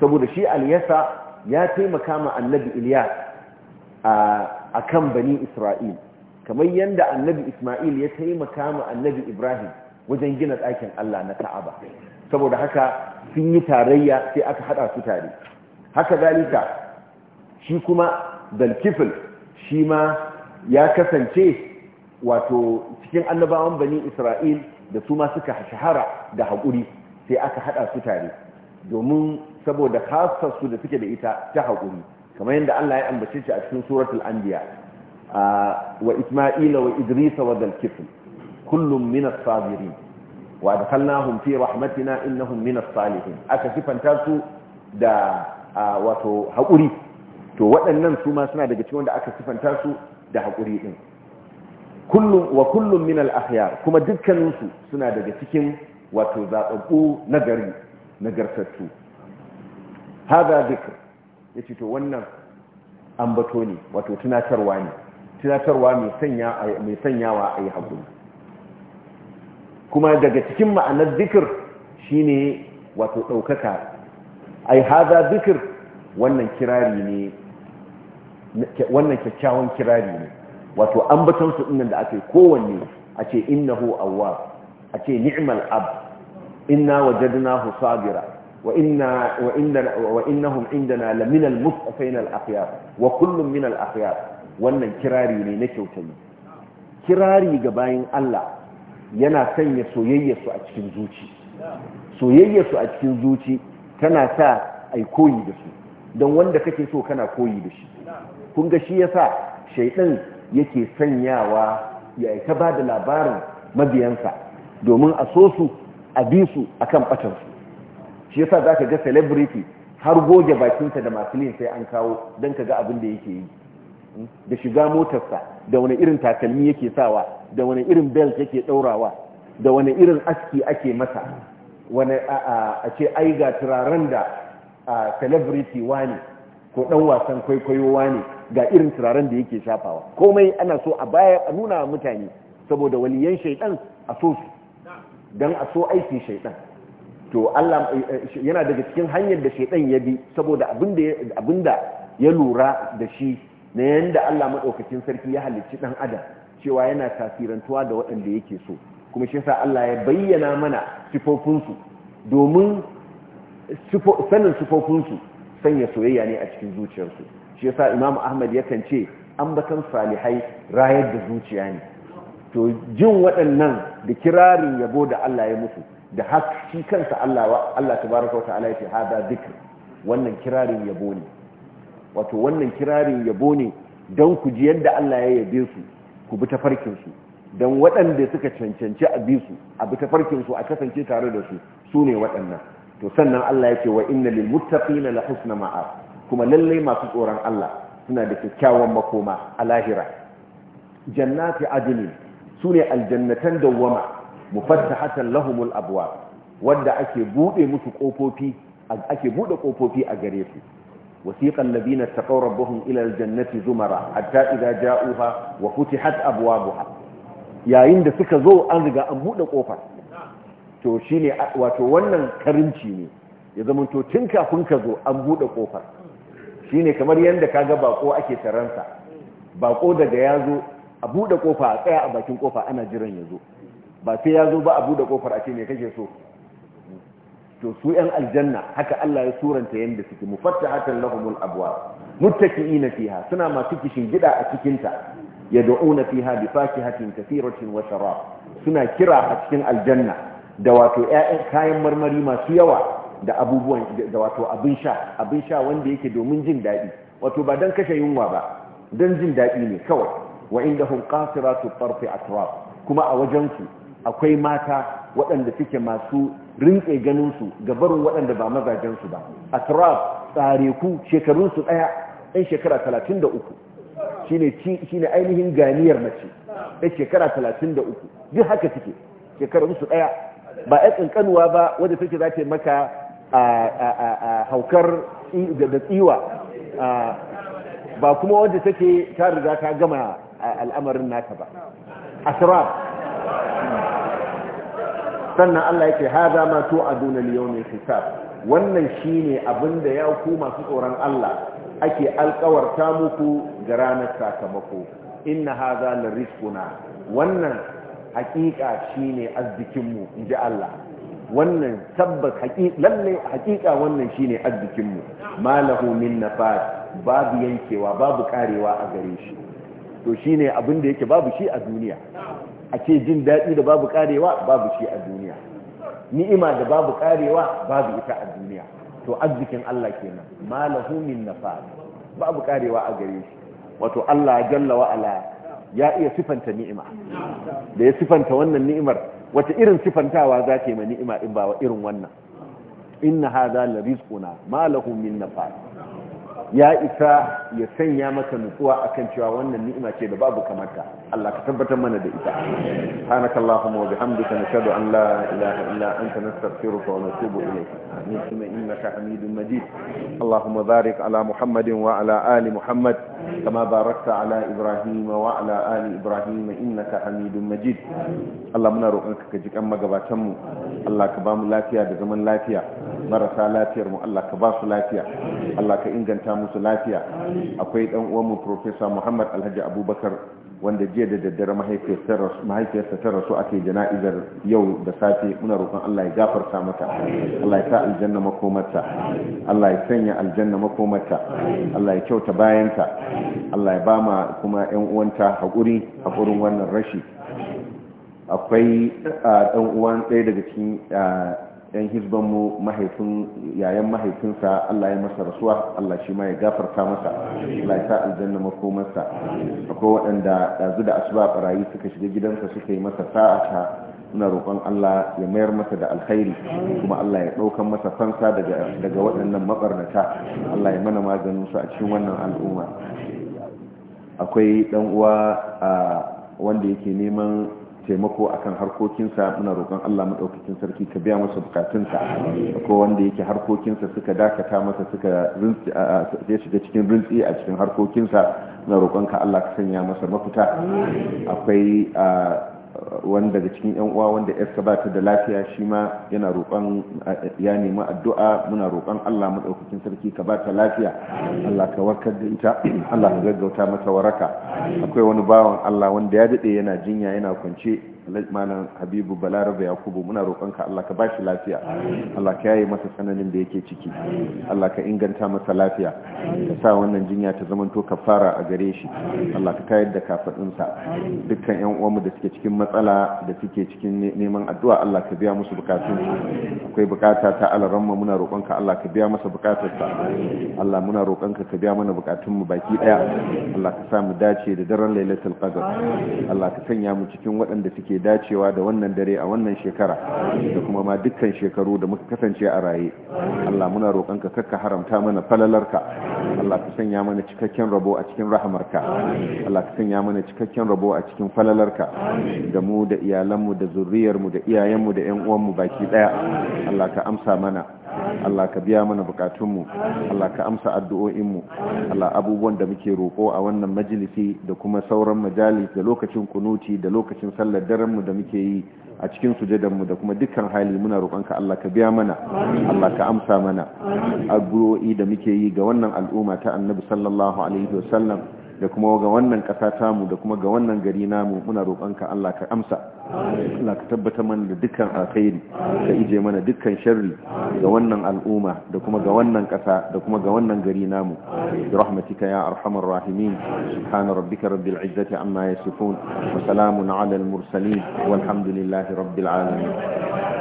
saboda shi alyasa ya taimaka ma annabi Iliya a kan bani Isra'il kamar yadda annabi Ismail ya taimaka ma annabi Ibrahim wajen gina ɗakin Allah na ta'aba saboda haka sun yi tarayya sai aka haɗa su tare haka zalika shi kuma dalkifil shi ma ya kasance wato cikin annabawan bani Isra'il da su ma suka shahara da haƙuri sai aka haɗa su tare domin saboda khasar da suke da ita ta haƙuri kamar yadda Allah ya ambace shi a cikin suratul anbiya wa isma'ila wa idrisa wa dal kullum minas sabirin wa adkhalnahum fi rahmatina innahum minas salihin aka sifanta su da wato haƙuri to waɗannan su ma suna daga cikin wanda aka sifanta su da haƙuri din kullum wa kullum min al-akhyar kuma dukkaninsu suna daga cikin wato zaɓaɓɓu nagari nagartattu haza ya ce to wannan ambato ne wato tunatarwa ne tunatarwa mai sanya mai sanyawa ayi hakuri kuma daga cikin ma'anar shi shine wato daukaka ai haza zikir wannan kirari ne wannan kyakkyawan kirari ne wato ambaton su dinnan da ake kowanne a ce innahu awwab a ce ni'mal ab inna wajadnahu sabira وإن وإننا وإنهم عندنا لمن المصطفين الأخيار وكل من الأخيار wannan kirari ne na kyautai. kirari ga bayan Allah yana sanya soyayyarsu a cikin zuci soyayyarsu a cikin zuci tana sa ai koyi da su don wanda kake so kana koyi da shi kun ga shi yasa shaidan yake sanyawa ya ta ba da labarin mabiyansa domin a so su a bi su akan batansu shi yasa za ka ga celebrity har goge bakinsa da masulin sai an kawo don ka ga abin da yake yi hmm? da shiga motarsa da wani irin takalmi yake sawa da wani irin belt yake daurawa da wani irin aski ake masa wani a ce ai ga turaren da celebrity wani ko dan wasan kwaikwayo ne ga irin turaren da yake shafawa komai ana so a baya a nuna mutane saboda waliyan shaidan a so su don a so aiki shaidan to Allah yana daga cikin hanyar da shaidan ya bi saboda da ya lura da shi na yanda Allah maɗaukacin sarki ya halicci ɗan adam cewa yana tasirantuwa da waɗanda yake so kuma shi sa Allah ya bayyana mana sifofinsu domin sanin sifofinsu sanya soyayya ne a cikin zuciyarsu shi sa Imam Ahmad yakan ce an bakan salihai rayar da zuciya ne to jin waɗannan da kirarin yabo da Allah ya mutu da haka shi kansa Allah Allah tabaraka wata'ala yake hada dhikr wannan kirarin yabo ne wato wannan kirarin yabo ne don ku ji yadda Allah ya yabe su ku bi tafarkin su don waɗanda suka cancanci a bisu a bi tafarkin su a kasance tare da su su ne waɗannan to sannan Allah ya ce wa inna lil muttaqina la husna ma'ab kuma lalle masu tsoron Allah suna da kyakkyawan makoma a lahira jannati adini su ne aljannatan dawwama mufattahatan lahumul abwab wanda ake bude musu kofofi ake bude kofofi a gare su ila aljannati Zumara, hatta idha ja'uha wa futihat abwabuha Yayin da suka zo an riga an bude قوفا to shine wato wannan karinci ne ya zama to tun kafin ka zo an bude kofar shine kamar yanda kaga bako ake taransa bako daga yazo a bude kofa a tsaya a bakin kofa ana jiran ya zo. ba sai ya zo ba a buɗe kofar a ce me kake so to su yan aljanna haka Allah ya suranta yanda suke mufattahatan lahumul abwa muttaki'ina fiha suna masu kishin gida a ya ta yad'una fiha bi fakihatin kathiratin wa sharab suna kira a cikin aljanna da wato 'ya'yan kayan marmari masu yawa da abubuwan da wato abin sha abin sha wanda yake domin jin daɗi wato ba dan kashe yunwa ba don jin daɗi ne kawai wa indahum qasiratu a atraf kuma a wajensu akwai mata waɗanda suke masu rinƙe ganinsu ga barin waɗanda ba mazajensu ba a turab tsareku shekarunsu ɗaya ɗan shekara talatin da uku shi ne ainihin ganiyar mace ɗan shekara talatin da uku duk haka suke shekarunsu ɗaya ba ya ƙanƙanuwa ba wadda take za ta maka a haukar da tsiwa ba kuma wadda take ta riga ta gama al'amarin nata ba asrar sannan Allah yake haza ma to aduna liyawmin hisab wannan shine abinda ya ku masu tsoron Allah ake alkawarta muku ga ranar sakamako inna haza la rizquna wannan hakika shine arzikin mu inji Allah wannan tabbas lalle hakika wannan shine arzikin mu malahu min nafas babu yankewa babu karewa a gare shi to shine abin da yake babu shi a duniya a ce jin daɗi da babu karewa babu shi a duniya ni'ima da babu karewa babu ita a duniya to arzikin Allah kenan malahu min nafad babu karewa a gare shi wato Allah jalla wa ala ya iya sifanta ni'ima da ya sifanta wannan ni'imar wata irin sifantawa za ta yi ma ni'ima in ba irin wannan inna hadha la rizquna malahu min nafad ya isa ya sanya maka nutsuwa akan cewa wannan ni'ima ce da babu kamarta Allah ka tabbatar mana da ita subhanakallahumma wa bihamdika nashhadu an la ilaha illa anta nastaghfiruka wa natubu ilayk amin innaka hamidum majid allahumma barik ala muhammadin wa ala ali muhammad كما باركت على إبراهيم وعلى آل إبراهيم إنك حميد مجيد الله منا روحك كجيك أما قباتمو الله كبام لاتيا بزمن لاتيا marasa lafiyar mu Allah ka basu su lafiya Allah ka inganta musu lafiya akwai dan uwan mu Muhammad Alhaji Abubakar wanda jiya da daddare mahaifiyarsa ta rasu ake jana'izar yau da safe muna roƙon Allah ya gafarta mata Allah ya sa aljanna makomarta Allah ya sanya aljanna makomarta Allah ya kyauta bayanta Allah ya bama kuma ƴan uwanta haƙuri wurin wannan rashi akwai ɗan uwan ɗaya daga cikin yan hizbanmu mahaifin yayan mahaifinsa Allah ya masa rasuwa Allah shi ma ya gafarta masa Allah ya sa aljanna makomarsa akwai waɗanda ɗazu da asuba barayi suka shiga gidansa suka yi masa sa'a ta roƙon Allah ya mayar masa da alkhairi kuma Allah ya ɗaukan masa fansa daga daga waɗannan mabarnata Allah ya mana maganin su a cikin wannan al'umma akwai ɗan uwa a wanda yake neman taimako akan harkokinsa muna roƙon Allah maɗaukakin sarki ka biya masa bukatunsa ko wanda yake harkokinsa suka dakata masa suka zai shiga cikin rintsi a cikin harkokinsa muna roƙon ka Allah ka sanya masa mafita akwai wani daga cikin yan uwa wanda yarsa ba ta da lafiya shi ma yana roƙon ya nemi addu'a muna roƙon Allah madaukakin sarki ka ba ta lafiya Allah ka warkar da ita Allah ka gaggauta mata waraka akwai wani bawan Allah wanda ya dade yana jinya yana kwance malam Habibu Balarabe Yakubu muna roƙon ka Allah ka ba shi lafiya Allah ka yaye masa tsananin da yake ciki Allah ka inganta masa lafiya ka sa wannan jinya ta zamanto kafara a gare shi Allah ka tayar da kafadinsa dukkan yan uwanmu da suke cikin matsala da suke cikin neman addu'a Allah ka biya musu bukatun akwai bukata ta alaramma muna roƙonka Allah ka biya masa bukatarsa Allah muna roƙonka ka biya mana bukatun mu baki ɗaya Allah ka sa mu dace da daren lailatul qadr Allah ka sanya mu cikin waɗanda suke dacewa da wannan dare a wannan shekara da kuma ma dukkan shekaru da muka kasance a raye Allah muna roƙonka kakka haramta mana falalarka Allah ka sanya mana cikakken rabo a cikin rahamarka Allah ka sanya mana cikakken rabo a cikin falalarka da mu da iyalanmu da zurriyarmu da iyayenmu da yan uwanmu baki daya Allah ka amsa mana Allah ka biya mana bukatunmu Allah ka amsa addu'o'inmu Allah abubuwan da muke roƙo a wannan majalisi da kuma sauran majalis da lokacin kunuti da lokacin sallar darenmu da muke yi a cikin sujadanmu da kuma dukkan hali muna roƙonka Allah ka biya mana Allah ka amsa mana addu'o'i da muke yi ga wannan al'umma ta Annabi sallallahu alaihi da kuma ga wannan ƙasa tamu da kuma ga wannan gari namu muna roƙonka Allah ka amsa Allah ka tabbatar mana da dukkan alkhairi ka ije mana dukkan sharri ga wannan al'umma da kuma ga wannan ƙasa da kuma ga wannan gari namu bi rahmatika ya arhamar rahimin subhana rabbika rabbil izzati amma yasifun wa salamun ala al mursalin walhamdulillahi rabbil alamin